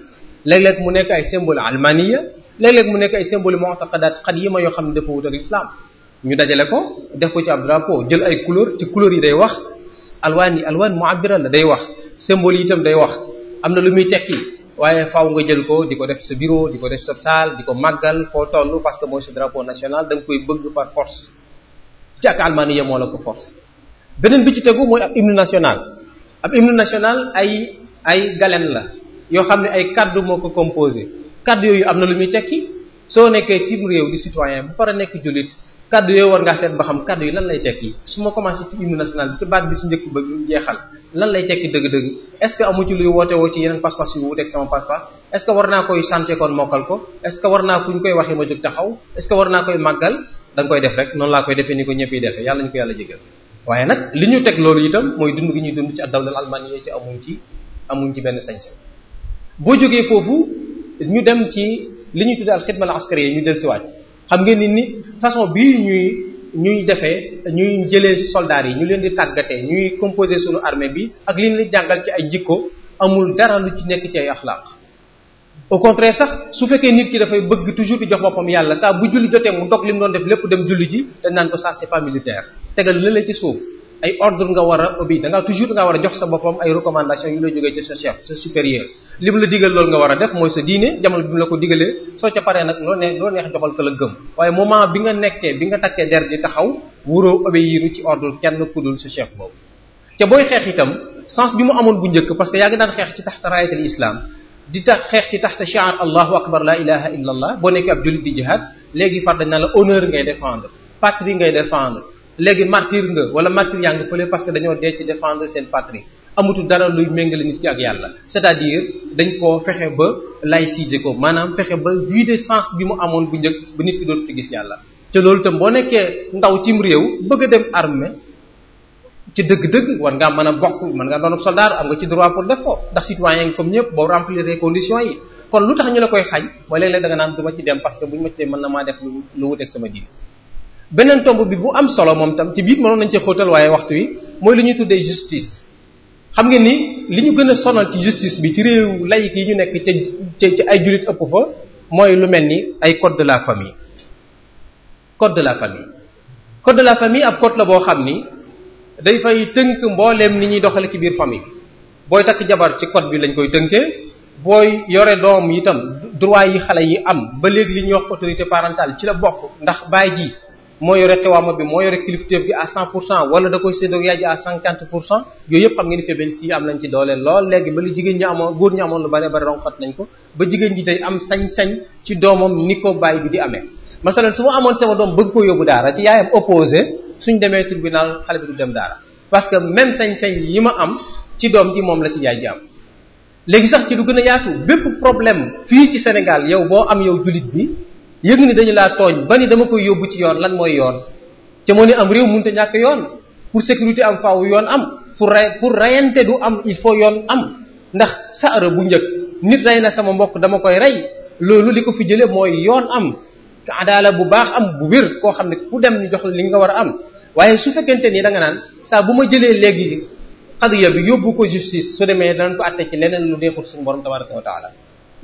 [SPEAKER 2] léeg-léeg mu nekk ay symbole almaniya léeg-léeg mu nekk ay symbole mu'taqadat qadima yoo xam ne dafa wut islaam l'islam ñu dajale ko def ko ci ab drapeau jël ay couleur ci couleur yi day wax alwaan yi alwaan mu'abbira la day wax symbole yi itam day wax am na lu muy tekki waaye faaw nga jël ko di ko def sa bureau di ko def sa salle di ko màggal foo toll parce que mooy sa drapeau national danga koy bëgg par force ci ak almaani ya moo la ko force beneen bi ci tegu mooy ab hymne national ab hymne national ay ay galen la yoo xam ne ay kaddu moo ko composé kadd yooyu am na lu muy tekki soo nekkee ci réew di citoyen bu pare nekk jullit kaddu yooyu war ngaa seet ba xam kaddu yi lan lay tekki su ma commencé ci hymne national bi ci baat bi ci njëkk ba jeexal lan lay tekki dëgg-dëgg est-ce que amu ci luy woote woo ci yeneen pas-pas yu wuuteeg sama pas est-ce que war naa koy santé kon mokkal ko est-ce que war naa fu ñu koy waxee ma jóg taxaw est-ce que war naa koy màggal da koy def rek noonu laa koy defee ni ko ñëpp yi defee yàlla ñu ko yàlla jégal waaye nag li ñu teg loolu itam mooy dund ñuy dund ci ak dawlal almanie ci amuñ ci amuñ ñu dem ci li ñuy tuddee al xidma al askari ñu del siwaat xam ngeen nit ni façon bi ñuy ñuy defee ñuy jëlee soldats yi ñu leen di tàggatee ñuy composer sunu armée bi ak li ñu leen jàngal ci ay jikko amul dara lu ci nekk ci ay axlaaq au contraire sax su fekkee nit ki dafay bëgg toujours di jox boppam yàlla saa bu julli jotee mu dog li mu doon def lépp dem julli ji dañ naan ko ça c'est pas militaire tegal la ci suuf ay ordre nga war a obéir da ngaa toujours nga war a jox sa boppam ay recommandation yu la jógee ci sa chef sa supérieur lim la digal loolu nga war a def mooy sa diine jamono bi mu la ko digalee soo ca paree nag loo neex joxal ko gëm waaye moment bi nga nekkee bi nga takkee der di taxaw wuroo obéir ci ordre kenn kudul sa chef boobu te booy xeex itam sens bi mu amoon bu njëkk parce que yaa ngi daan xeex ci taxta raayatul islam di tax xeex ci taxta shi'ar allahu akbar la ilaha boo nekkee ab jullit di jihad léegi far dañ naan la honneur léegi martyr nga wala martyr yaa nga fële parce que dañoo dee ci défendre seen patrie amutu dara luy méngale nit ki ak yàlla c'est-à-dire dañ koo fexe ba laïciser ko maanaam fexe ba vider sens bi mu amoon bu njëkk ba nit ki dootu ci gis yàlla ca loolu itam boo nekkee ndaw cim réew bëgg a dem armée ci dëgg-dëgg war ngaa mën a bokk mën ngaa doon soldat am nga ci droit pour def ko ndax citoyen comme ñëpp boo remplir les conditions yi kon lu tax ñu la koy xañ naan du ci dem parce que bu ñu ma mën na maa def lu wuteeg sama diine beneen tomb bi bu am solo moom tam ci biir mënoon nañ cee xóotal waaye waxtu wi mooy li ñuy tuddee justice xam nga ni li ñu gën a sonal ci justice bi ci réew laïc yi ñu nekk ca ci ay jullit ëpp fa mooy lu mel ni ay code de la famille code de la famille code de la famille ab code la boo xam ni day fay tënk mbooleem ni ñuy doxale ci biir famille booy takk jabar ci code bi lañ koy tënkee booy yore doom itam droit yi xale yi am ba léegi li ñuy wax autorité parentale ci la bokk ndax baay ji moo yore xiwaama bi moo yore kilifteef gi à 100 pour cent wala da koy séddoo yaay ji à 50 pour cent yooyu yëpp xam ngeen ni fébrile si am nañ ci doole lool léegi ba li jigéen ñi amoon góor ko ba jigéen ji day am sañ-sañ ci doomam ni ko bàyyi bi di amee. masalan su ma amoon sama doom bëgg ko yóbbu daara ci yaayam opposé suñ demee tribunal xale bi du dem daara parce que même sañ-sañ yi ma am ci doom ji moom la ci yaay ji am. léegi sax ci lu gën a yaatu bépp problème fii ci Sénégal yow boo am yow jullit bi. yëg ni dañu laa tooñ ba ni dama koy yóbbu ci yoon lan mooy yoon ca moo ne am réew mënut te ñàkk yoon pour sécurité am faaw yoon am pour ray pour reyante du am il faut yoon am ndax saara bu njëkk nit rey na sama mbokk dama koy rey loolu li ko fi jële mooy yoon am adaala bu baax am bu wér koo xam ne ku dem ñu jox li nga war a am waaye su fekkente ni da nga naan saa bu ma jëlee léegi xadiya bi yóbbu ko justice su demee danañ ko àtte ci leneen lu neexul suñu borom tabaraka wa taala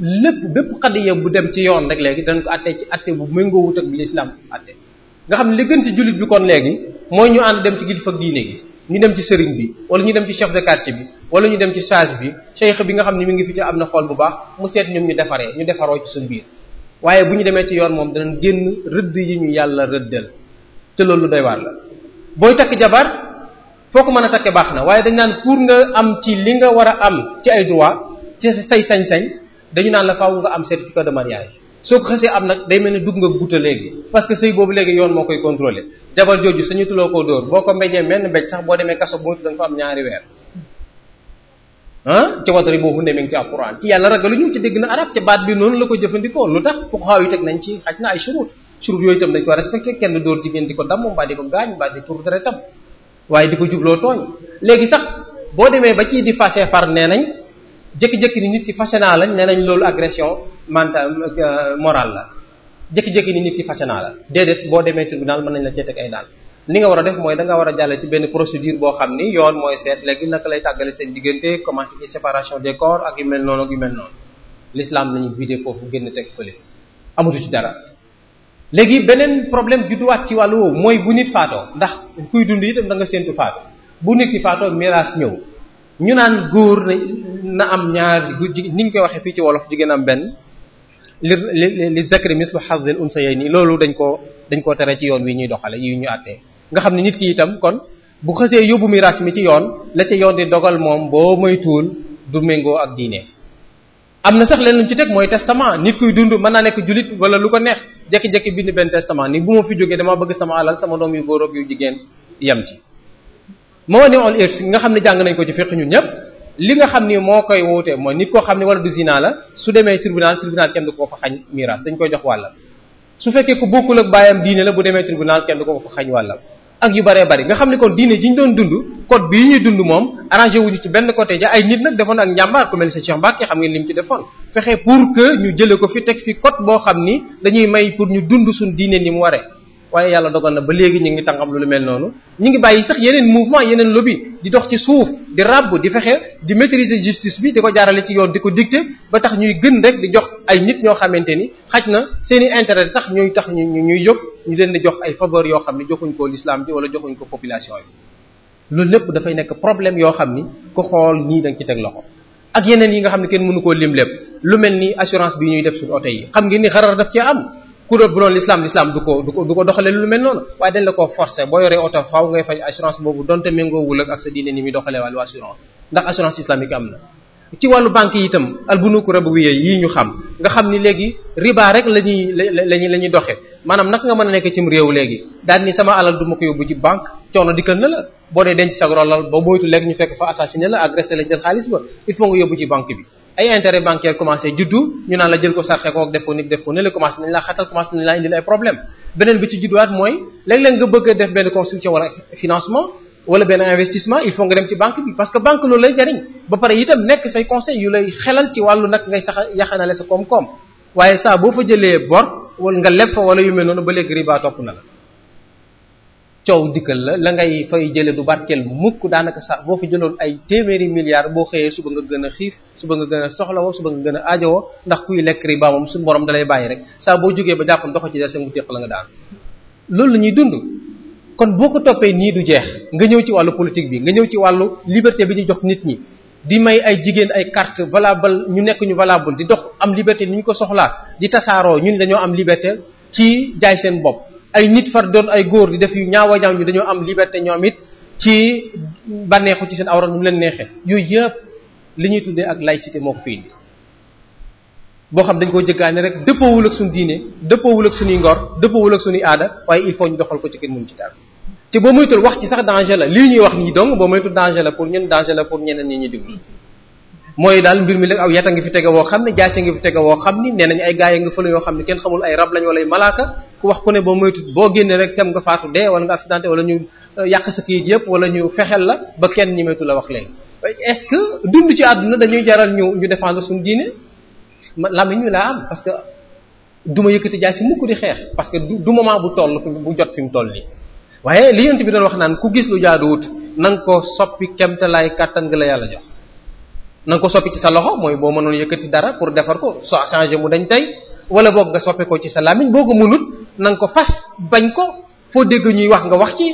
[SPEAKER 2] lépp bépp xadiya bu dem ci yoon rek léegi dañ ko àttee ci àtte bu méngoowut ak bi lislaam àtte nga xam ne li gën ci jullit bi kon léegi mooy ñu ànd dem ci kilifa diine gi ñu dem ci sëriñ bi wala ñu dem ci chef de quartier bi wala ñu dem ci sage bi cheikh bi nga xam ne mu ngi fi ci am na xool bu baax mu seet ñoom ñu defaree ñu defaroo ci suñ biir waaye bu ñu demee ci yoon moom danañ génn rëdd yi ñu yàlla rëddal te loolu doy waar la booy takk jabar foo ko mën a takke baax na waaye dañ naan pour nga am ci li nga war a am ci ay droit ci say sañ-sañ dañu naan la faaw nga am certificat de mariage soo ko xasee am nag day mel ne dugg nga guta léegi parce que sëy boobu léegi yoon moo koy contrôler jabar jooju sañu tuloo koo dóor boo ko mbéjee menn mbéj sax boo demee kaso bu da nga fa am ñaari weer ah ci watari boo xunde mi ngi ci alquran ñu ci dégg na arab ca baat bi noonu la ko jëfandikoo lu tax ko xaaw yi nañ ci xaj na ay shurut shurut yooyu itam dañ ko respecté kenn dóor jigéen di ko damm mbaa di ko gaañ mbaa di tur dara waaye di ko jubloo tooñ léegi sax boo demee ba ci di fase far nee nañ jékki jëkk ni nit ki façanaa lañ ne nañ loolu agression manta euh, morale la jëkk jékki ni nit ki façanaa la déedéet boo demee tribunal mën nañ la cee teg ay daan li nga war a def mooy danga war a jàlle ci benn procédure boo xam ni yoon mooy seet léegi naka lay tàggale seen diggante commencé ci séparation des corps ak yu mel noonu ak yu mel noonu l'islam lañu vidé foofu génn teg fële amatu ci dara léegi beneen problème judduwaat ci wàllu woowu mooy bu nit faatoo ndax kuy dund dem da nga séntu faatoo bu nit ki faatoo miraas ñëw ñu naan góor na am ñaar ni ñu koy waxee fii ci wolof jigéen am benn li li li zakri mislu hazzil nii loolu dañ koo dañ koo tere ci yoon wi ñuy doxale yi ñu àttee nga xam ne nit ki itam kon bu xësee yóbbu miraas mi ci yoon la ci yoon di dogal moom boo moytuwul du méngoo ak diine am na sax leen luñ ci teg mooy testament nit kuy dund mën naa nekk jullit wala lu ko neex jekki-jekki bind benn testament ni bu ma fi jógee dama bëgg sama alal sama doom yu góor ak jigéen yem ci Mawâni'ul Irs nga xam ne jàng nañ ko ci fiqh ñun ñëpp li nga xam ni moo koy wuute mooy nit koo xam ne wala du zina la su demee tribunal tribunal kenn du ko fa xañ miraas dañ koy jox wàllam su fekkee ku bokkul ak baayam diine la bu demee tribunal kenn du ko fa xañ wàllam ak yu bëree bëri nga xam ne kon diine ji ñu doon dund code bii ñuy dund moom arrangé wuñu ci benn côté ja ay nit nag defoon ak njàmbaar ku mel ni sa xam ngeen lim ci defoon fexe pour que ko fi teg fi code boo xam ni dañuy may pour ñu dund suñ diine ni mu waree waaye yàlla dogal na ba léegi ñu ngi tàngam lu mel noonu ñu ngi bàyyi sax yeneen mouvement yeneen lobby di dox ci suuf di ràbb di fexe di maîtriser justice bi di ko jaarale ci yoon di ko dicter ba tax ñuy gën rek di jox ay nit ñoo xamante ni xaj na seen i intérêt tax ñuy tax ñu ñuy yóg ñu leen di jox ay faveur yoo xam ne joxuñ ko l'islam bi wala joxuñ ko population yi loolu lépp dafay nekk problème yoo xam ni ko xool nii da nga ci teg loxo ak yeneen yi nga xam ne kenn mënu koo lim lépp lu mel ni assurance bi ñuy def suñu oto yi am ku rëbb loolu l'islam l'islam du ko du ko du ko doxale lu mel noonu waaye dañ la koo forcer boo yoree oto faaw ngay fay assurance boobu donte méngoowul am na ñu xam nga xam ni léegi riba rek la ñuy la ñuy la ñuy doxee maanaam naka nga mën a nekk cim réew léegi daal ni sama alal du ma ko yóbbu ci banque coono dikkal na la boo dee denc sa rolal ba moytu léegi ñu fekk fa assassiné la agressé la jël xaalis ba il faut nga yóbbu ci banque bi ay intérêt bancaire commencé juddu ñu naan la jël ko sarxe ko ak def ko nit def ko ne la commencé nañ laa xatal commencé nañ laa indil ay problème beneen bi ci judduwaat mooy léeg-léeg nga bëgg a def benn construction wala financement wala benn investissement il faut nga dem ci banque bi parce que banque loolu lay jariñ ba pare itam nekk say conseil yu lay xelal ci wàllu nag ngay sax yaxanale sa koom-koom waaye saa boo fa jëlee bor nga leb fa yu mel noonu ba léegi riba na coow dikkal la la ngay fay jële du barkeel mukk daanaka sax boo fi jëloon ay téeméeri milliards boo xëyee suba nga gën a xiif suba nga gën a soxlawoo suba nga gën a aajowoo ndax kuy lekk riba moom suñu borom dalay bàyyi rek saa boo jógee ba jàppoon doxo ci dese mu téq la nga daan loolu la ñuy dund kon boo ko toppee nii du jeex nga ñëw ci wàllu politique bi nga ñëw ci wàllu liberté bi ñu jox nit ñi di may ay jigéen ay carte valable ñu nekk ñu valable di dox am liberté ni ñu ko soxlaa di tasaaroo ñun dañoo am liberté ci jaay seen bopp ay nit far doon ay góor di def yu ñaawa ñaaw ñu dañoo am liberté ñoom it ci bànneexu ci seen awra nu mu leen neexee yu yëpp li ñuy tuddee ak laïcité moo ko fi indi boo xam dañ koo jëggaane rek dëppoowul ak suñu diine dëppoowul ak suñuy ngor dëppoowul ak suñuy aada waaye il faut ñu doxal ko ci kenn mënu ci dara ci boo moytul wax ci sax danger la lii ñuy wax nii donc boo moytul danger la pour ñun danger la pour ñeneen ñi ñuy déglu mooy daal mbir mi léegi aw yeta ngi fi tege woo xam ne jaase ngi fi tege woo xam ni nee nañ ay gaay nga fële yoo xam ne kenn xamul ay rab lañ wala ay malaaka ku wax ku ne boo boo génnee rek tem nga faatu dee wala nga accidenté wala ñu euh, yàq sa kayit yëpp wala ñu fexel la ba kenn ñi la wax leen est-ce que dund ci àdduna dañuy jaral ñu ñu défendre suñu diine lamiñ ñu laa am parce que du ma yëkkati jaay si mukk di xeex parce que du bu toll bu jot fi mu toll nii waaye li yonent bi doon wax naan ku gis lu jaaduwut na nga ko soppi kemtalaay kàttan nga la yàlla jox na ko soppi ci sa loxo mooy boo mënoon yëkkati dara pour defar ko so changé mu dañ tey wala boog nga soppe ko ci sa làmmiñ boo ko mënut na nga ko fas bañ ko foo dégg ñuy wax nga wax ci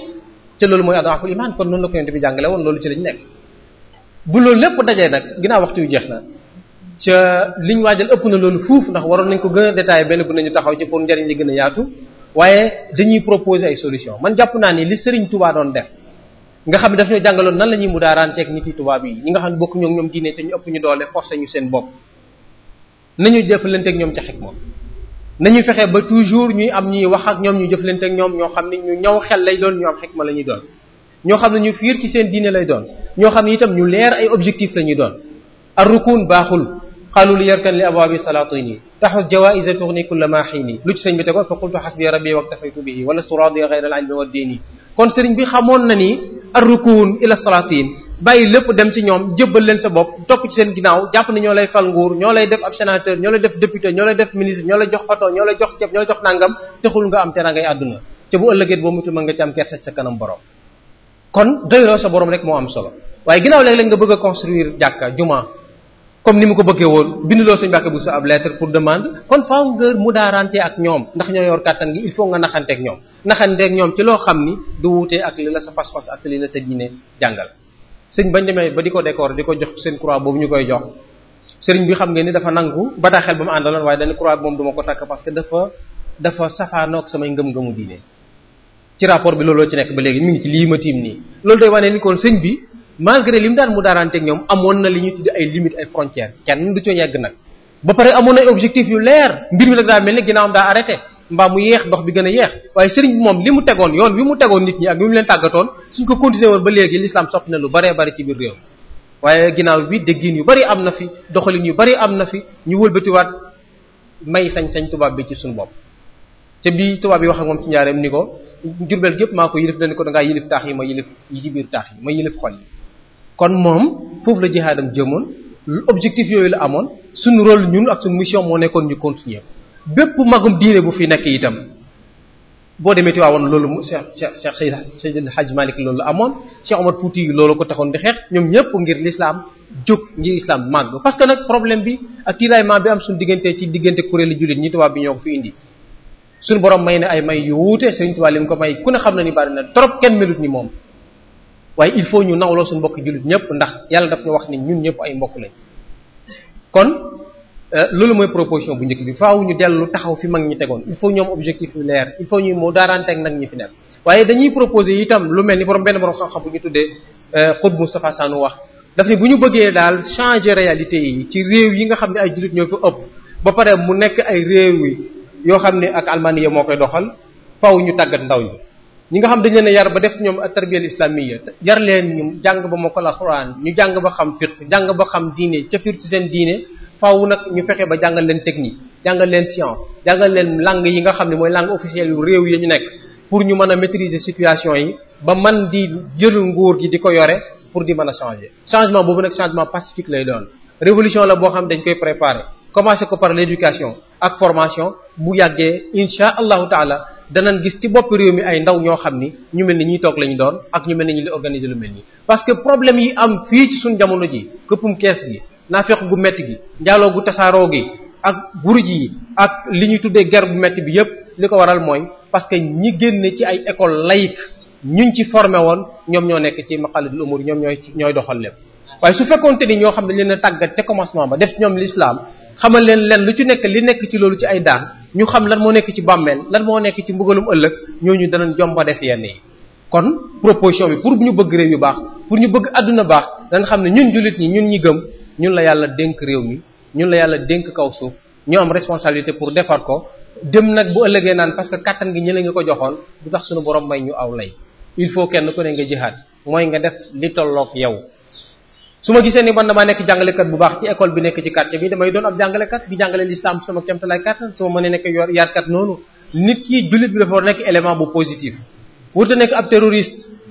[SPEAKER 2] ca loolu mooy adaful iman kon ko yonent bi jàngale woon loolu ci lañ bu loolu lépp dajee nag ginnaaw waxtu yu jeex na ca liñ waajal ëpp na loolu fuuf ndax waroon nañ ko gën a détaillé benn bu nañu taxaw ci pour njariñ li gën a yaatu waaye dañuy proposer ay solution man jàpp naa ni li Serigne Touba doon def nga xam ne daf ñoo jàngaloon na la ñuy mudaaraanteeg nit yi tubaab yi ñi nga xam ne bokk ñoo ñoom diine te ñu ëpp ñu doole forcé ñu seen bopp nañuy jëflanteeg ñoom ca xikma nañuy fexe ba toujours ñuy am ñuy wax ak ñoom ñu jëflanteeg ñoom ñoo xam ne ñu ñaw xel lay doon ñu am xikma la ñuy doon ñoo xam ne ñu fiir ci seen diine lay doon ñoo xam ne itam ñu leer ay objectif la ñuy doon ar rukun baaxul xaalul yarkan li abwaabi salaatini taxus jawaïsa tourni kulla ma xiini lu ci sëñ bi tegoon fa qultu xasbi rabbi waktafaytu bihi walastu kon sëriñ bi xamoon na ni arrukuun ila salaatin bàyyi lépp dem ci ñoom jébbal leen sa bopp topp ci seen ginnaaw jàpp ne ñoo lay fal nguur ñoo lay def ab sénateur ñoo lay def député ñoo lay def ministre ñoo lay jox oto ñoo lay jox ceeb ñoo lay jox nangam texul nga am te ngay àdduna te bu ëllëgee boo mutu mën nga ci am kersa sa kanam borom kon doyloo sa borom rek moo am solo waaye ginnaaw léeg-léeg nga bëgg a construire jàkka juma comme ni mu ko bëggee woon binduloo suñu bàkke bu sa ab lettre pour demande kon faaw nga mudaarante ak ñoom ndax ñoo yor kàttan gi il faut nga naxanteeg ñoom naxandeeg ñoom ci loo xam ni du wuutee ak li la sa pas-pas ak li la sa diine jàngal sëñ bañ demee ba di ko décor di ko jox seen croix boobu ñu koy jox sëriñ bi xam ngeen ni dafa nangu bataaxel ba mu àndaloon waaye dañ croix bi moom ma ko takk parce que dafa dafa safaanoog samay ngëm-ngëmu diine ci rapport bi looloo ci nekk ba léegi mi ngi ci lii ma tiim nii loolu day wane ni kon sëñ bi malgré li mu daan mu daaranteeg ñoom amoon na li ñuy tudd ay limites ay kenn du ci yegg nag ba pare amoon na ay objectifs yu leer mbir mi nag daa mel ni ginnaawam mbaa mu yeex dox bi gën a yeex waaye sëriñ bi moom li mu tegoon yoon wi mu tegoon nit ñi ak li mu leen tàggatoon suñ ko continué woon ba léegi l'islam soppi na lu baree bari ci biir réew waaye ginnaaw bi déggin yu bari am na fi doxalin yu bari am na fi ñu wëlbatiwaat may sañ-sañ tubaab bi ci suñu bopp te bi tubaab yi wax ak moom ci njaareem ni ko jurbel gépp maa ko na dani ko dangaa yilif taax yi ma yilif yi ci biir taax yi ma yilif xol yi kon moom foofu la jihaadam jëmoon objectif yooyu la amoon suñu ñun ak suñu moo nekkoon ñu continuer bépp magum diine bu fi nekk itam boo demee Tiwaawan loolu mu Cheikh Cheikh Seydou Seydou Hadj Malick loolu amoon Cheikh Omar Fouti loolu ko taxoon di xeex ñoom ñëpp ngir l'islam jóg ngir islam màgg parce que nag problème bi ak tiraillement bi am suñu diggantee ci diggante kuréelu jullit ñi tubaab bi ñoo ko fi indi. suñu borom may na ay may yu wuute Serigne Touba lim ko may ku ne xam na ni bari na trop kenn melut ni moom waaye il faut ñu nawloo suñu mbokk jullit ñëpp ndax yàlla daf ñu wax ni ñun ñëpp ay mbokk Euh, loolu mooy proposition bu njëkk bi faaw ñu dellu taxaw fi mag ñi tegoon il faut ñoom objectif yu leer il faut ñuy moo daaranteeg nag ñi fi nekk waaye dañuy proposer itam lu mel ni borom benn borom xam-xam bu ñu tuddee euh, Qutb Mustafa Sanu wax daf ne bu ñu bëggee daal changer réalité ci réew yi nga xam ne ay jullit ñoo fi ëpp ba pare mu nekk ay réew yi yoo xam ne ak almaniya moo koy doxal faw ñu tàggat ndaw ñi ñi nga xam dañ leen yar ba def ñoom tarbiyal islamiyya yar leen ñu jàng ba mokkal alxuraan ñu jàng ba xam fiqh jàng ba xam diine cafir ci seen diine faaw nag ñu fexe ba jàngal leen technique jàngal leen science jàngal leen langue yi nga xam ne mooy langue officielle yu réew yi ñu nekk pour ñu mën a maîtriser situation yi ba man di jël nguur gi di ko yore pour di mën a changer changement boobu nag changement pacifique lay doon révolution la boo xam dañ koy préparer commencer ko par l'éducation ak formation bu yàggee insha allahu taala danañ gis ci bopp réew mi ay ndaw ñoo xam ni ñu mel ni ñuy toog lañu doon ak ñu mel ni ñu li organiser lu mel parce que problème yi am jamono ji këppum kees gi naafeq gu metti gi njaaloo gu tasaaroo gi ak guruj yi ak li ñuy tuddee ger bu metti bi yépp li ko waral mooy parce que ñi génn ci ay école laïque ñuñ ci forme woon ñoom ñoo nekk ci maqalidul umur ñoom ñooy ñooy doxal lépp waaye su fekkonte ni ñoo xam ne leen a tàggat ca commencement ba def ñoom l'islam xamal leen leen lu ci nekk li nekk ci loolu ci ay daan ñu xam lan moo nekk ci bàmmeel lan moo nekk ci mbugalum ëllëg ñooñu danañ jomba def yenn yi kon proposition bi pour ñu bëgg réew yu baax pour ñu bëgg àdduna baax dañ xam ne ñun jullit ñi ñun ñi gëm ñun la yàlla dénk réew mi ñun la yàlla dénk kaw suuf ñoo am responsabilité pour defar ko dem nag bu ëllëgee naan parce que kattan gi ñële nga ko joxoon du tax suñu borom may ñu aw lay il faut kenn ku ne nga jihaad mooy nga def li tolloog yow su ma gisee ni man damaa nekk jàngalekat bu baax ci école bi nekk ci quartier bi damay doon ab jàngalekat di jàngale lislaam sama kemtalaay kattan su ma mënee nekk yor yaatkat noonu nit ki jullit bi dafa war nekk élément bu positif wurte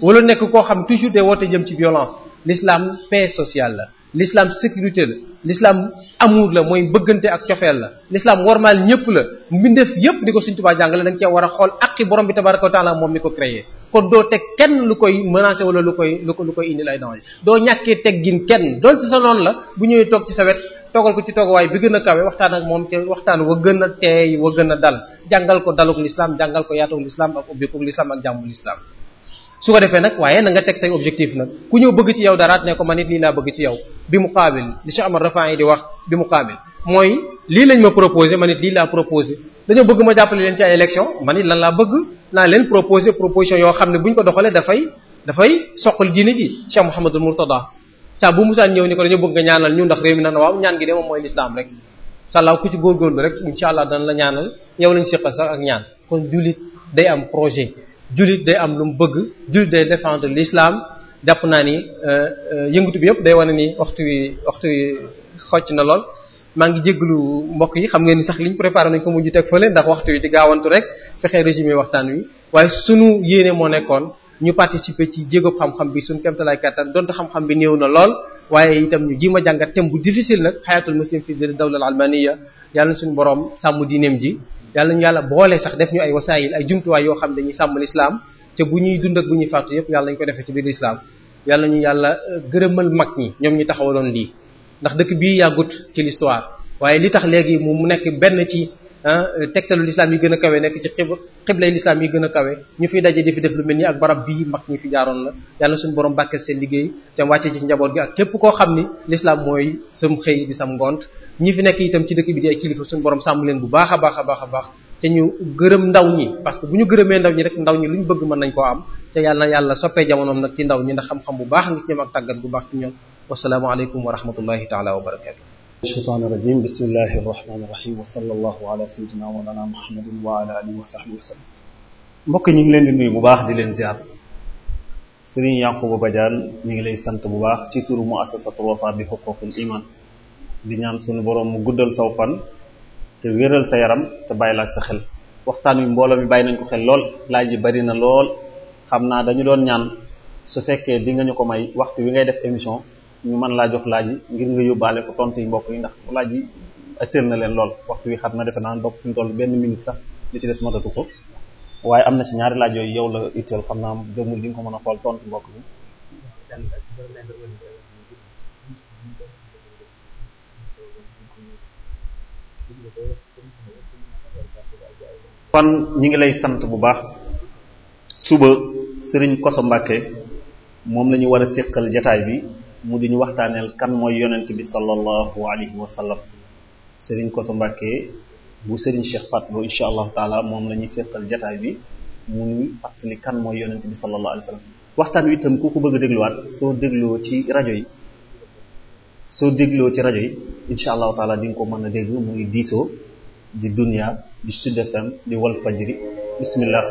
[SPEAKER 2] wala nekk koo xam toujours day woote jëm ci violence l'islam paix sociale la l'islam sécurité la l'islam amour la mooy bëggante ak cofeel la l'islam warmaal ñëpp la mbindeef yëpp di ko Sëriñ Tuubaa jàngale dañ cee war a xool aqi borom bi tabaraka wa taala moom mi ko créé kon doo teg kenn lu koy menacé wala lu koy lu koy indil ay danger doo ñàkkee teggin kenn doon ci sa noonu la bu ñëwee toog ci sa wet toogal ko ci toogawaay bi gën a kawe waxtaan ak moom te waxtaan wa gën a teey wa gën a dal jàngal ko daluk l'islam jàngal ko yaatuk l'islam ak ubbi ko l'islam ak jàmbu su ko defee nag waaye na nga teg say objectif nag ku ñëw bëgg ci yow daraat ne ko man it lii laa bëgg ci yow bi muqaabil li Cheikh Amar Rafaa yi di wax bi muqaabil mooy lii lañ ma proposé man it lii laa proposé dañoo bëgg ma jàppale leen ci ay élection man it lan laa bëgg naa leen proposé proposition yoo xam ne bu ñu ko doxalee dafay dafay soqal diine ji Cheikh Mouhamadul Mourtada saa bu musaan ñëw ni ko dañoo bëgg nga ñaanal ñu ndax réew mi nan waaw ñaan gi de moom mooy lislaam rek sàllaaw ku ci góorgóorlu rek incha allah dana la ñaanal yow lañ séqal sax ak ñaan kon jullit day am projet jullit day am lu mu bëgg jullit day défendre lislaam jàpp naa ni euh, euh, yëngatu bi yëpp day wane ni waxtu wi waxtu wi xocc na lool maa ngi jégalu mbokk yi xam ngeen ni sax liñ préparé nañ ko mujj teg fële ndax waxtu wi di gaawantu rek fexe résumé waxtaan wi waaye sunu yéene moo nekkoon ñu participer ci jéego xam-xam bi suñu kéemtalaay kattan donte xam-xam bi néew na lool waaye itam ñu jéem a jàngat thème bu difficile nag xayatul muslim fi dawla al almaniya yàlla suñu borom sàmm diineem ji yàlla ñu yàlla boole sax def ñu ay wasaayil ay jumtuwaay yoo xam ne dañuy sàmm lislaam te bu ñuy dund ak bu ñuy faatu yëpp yàlla ñu ko defee ci biir lislaam ñu yàlla euh, gërëmal mag ñi ñoom ñu taxawaloon lii ndax dëkk bii yàggut ci waaye li tax léegi mu nekk benn ci tegtalu lislaam yi gën a kawe nekk ci xib xiblay lislaam yi gën a kawe ñu fi daje di fi def lu mel ni ak barab bii mag ñi fi jaaroon la yàlla suñu borom bàkkeel seen liggéey te wàcce ci njaboot gi ak képp koo xam ni lislaam mooy sam xëy di sam ngont ñi fi nekk itam ci dëkk bi di ay kilifa suñu borom sàmm leen bu baax a baax a baax a ñu gërëm ndaw ñi parce que bu ñu gërëmee ndaw ñi rek ndaw ñi lu ñu bëgg mën nañ ko am te yàlla na yàlla soppee jamonoom nag ci ndaw ñi ndax xam-xam bu baax nga ci ñoom ak tàggat bu baax ci ñoom wasalaamu aleykum
[SPEAKER 3] wa rahmatullahi taala wa barakatu shaytaan rajim bismillahi rahmani rahim wa sallallahu ala sayyidina wa lana muhammadin wa ala alihi wa sahbihi mbokk ñu ngi leen di nuyu bu baax di leen ziar Serigne Yankuba Badiane ñu ngi lay sant bu baax ci turu muassasatu Wafa bi huququl iman di ñaan suñu boroom mu guddal saw fan te wéral sa yaram te bàyyi la sa xel waxtaan wi mbooloo mi bàyyi nañ ko xel lool laaj yi bari na lool xam naa dañu doon ñaan su fekkee di nga ñu ko may waxtu wi ngay def émission ñu mën laa jox laaj yi ngir nga yóbbaale ko tontu yi mbokk yi ndax laaj yi atteel na leen lool waxtu wi xam na defe naa bopp ñu toll benn minute sax li ci des matatu ko waaye am na si ñaari laaj yooyu yow la itteel xam naa demul di nga ko mën a xool tontu mbokk bi kon ñi ngi lay sant bu baax suba sëriñ Koso Mbàkke moom lañuy ñu war a séqal jataay bi mu di waxtaaneel kan mooy yonent bi sallallahu alayhi wa sallam sëriñ Koso Mbàkke bu sëriñ Cheikh Fat Lo insha allahu taala moom la ñuy séqal jataay bi mu ñuy fàttali kan mooy yonent bi sallallahu alayhi wa waxtaan wi itam ku ko bëgg a dégluwaat soo dégloo ci rajo yi soo dégloo ci rajo yi incha allahu taala di nga ko mën a dégg muy diisoo di dunya di Sud di Walfajri bismillah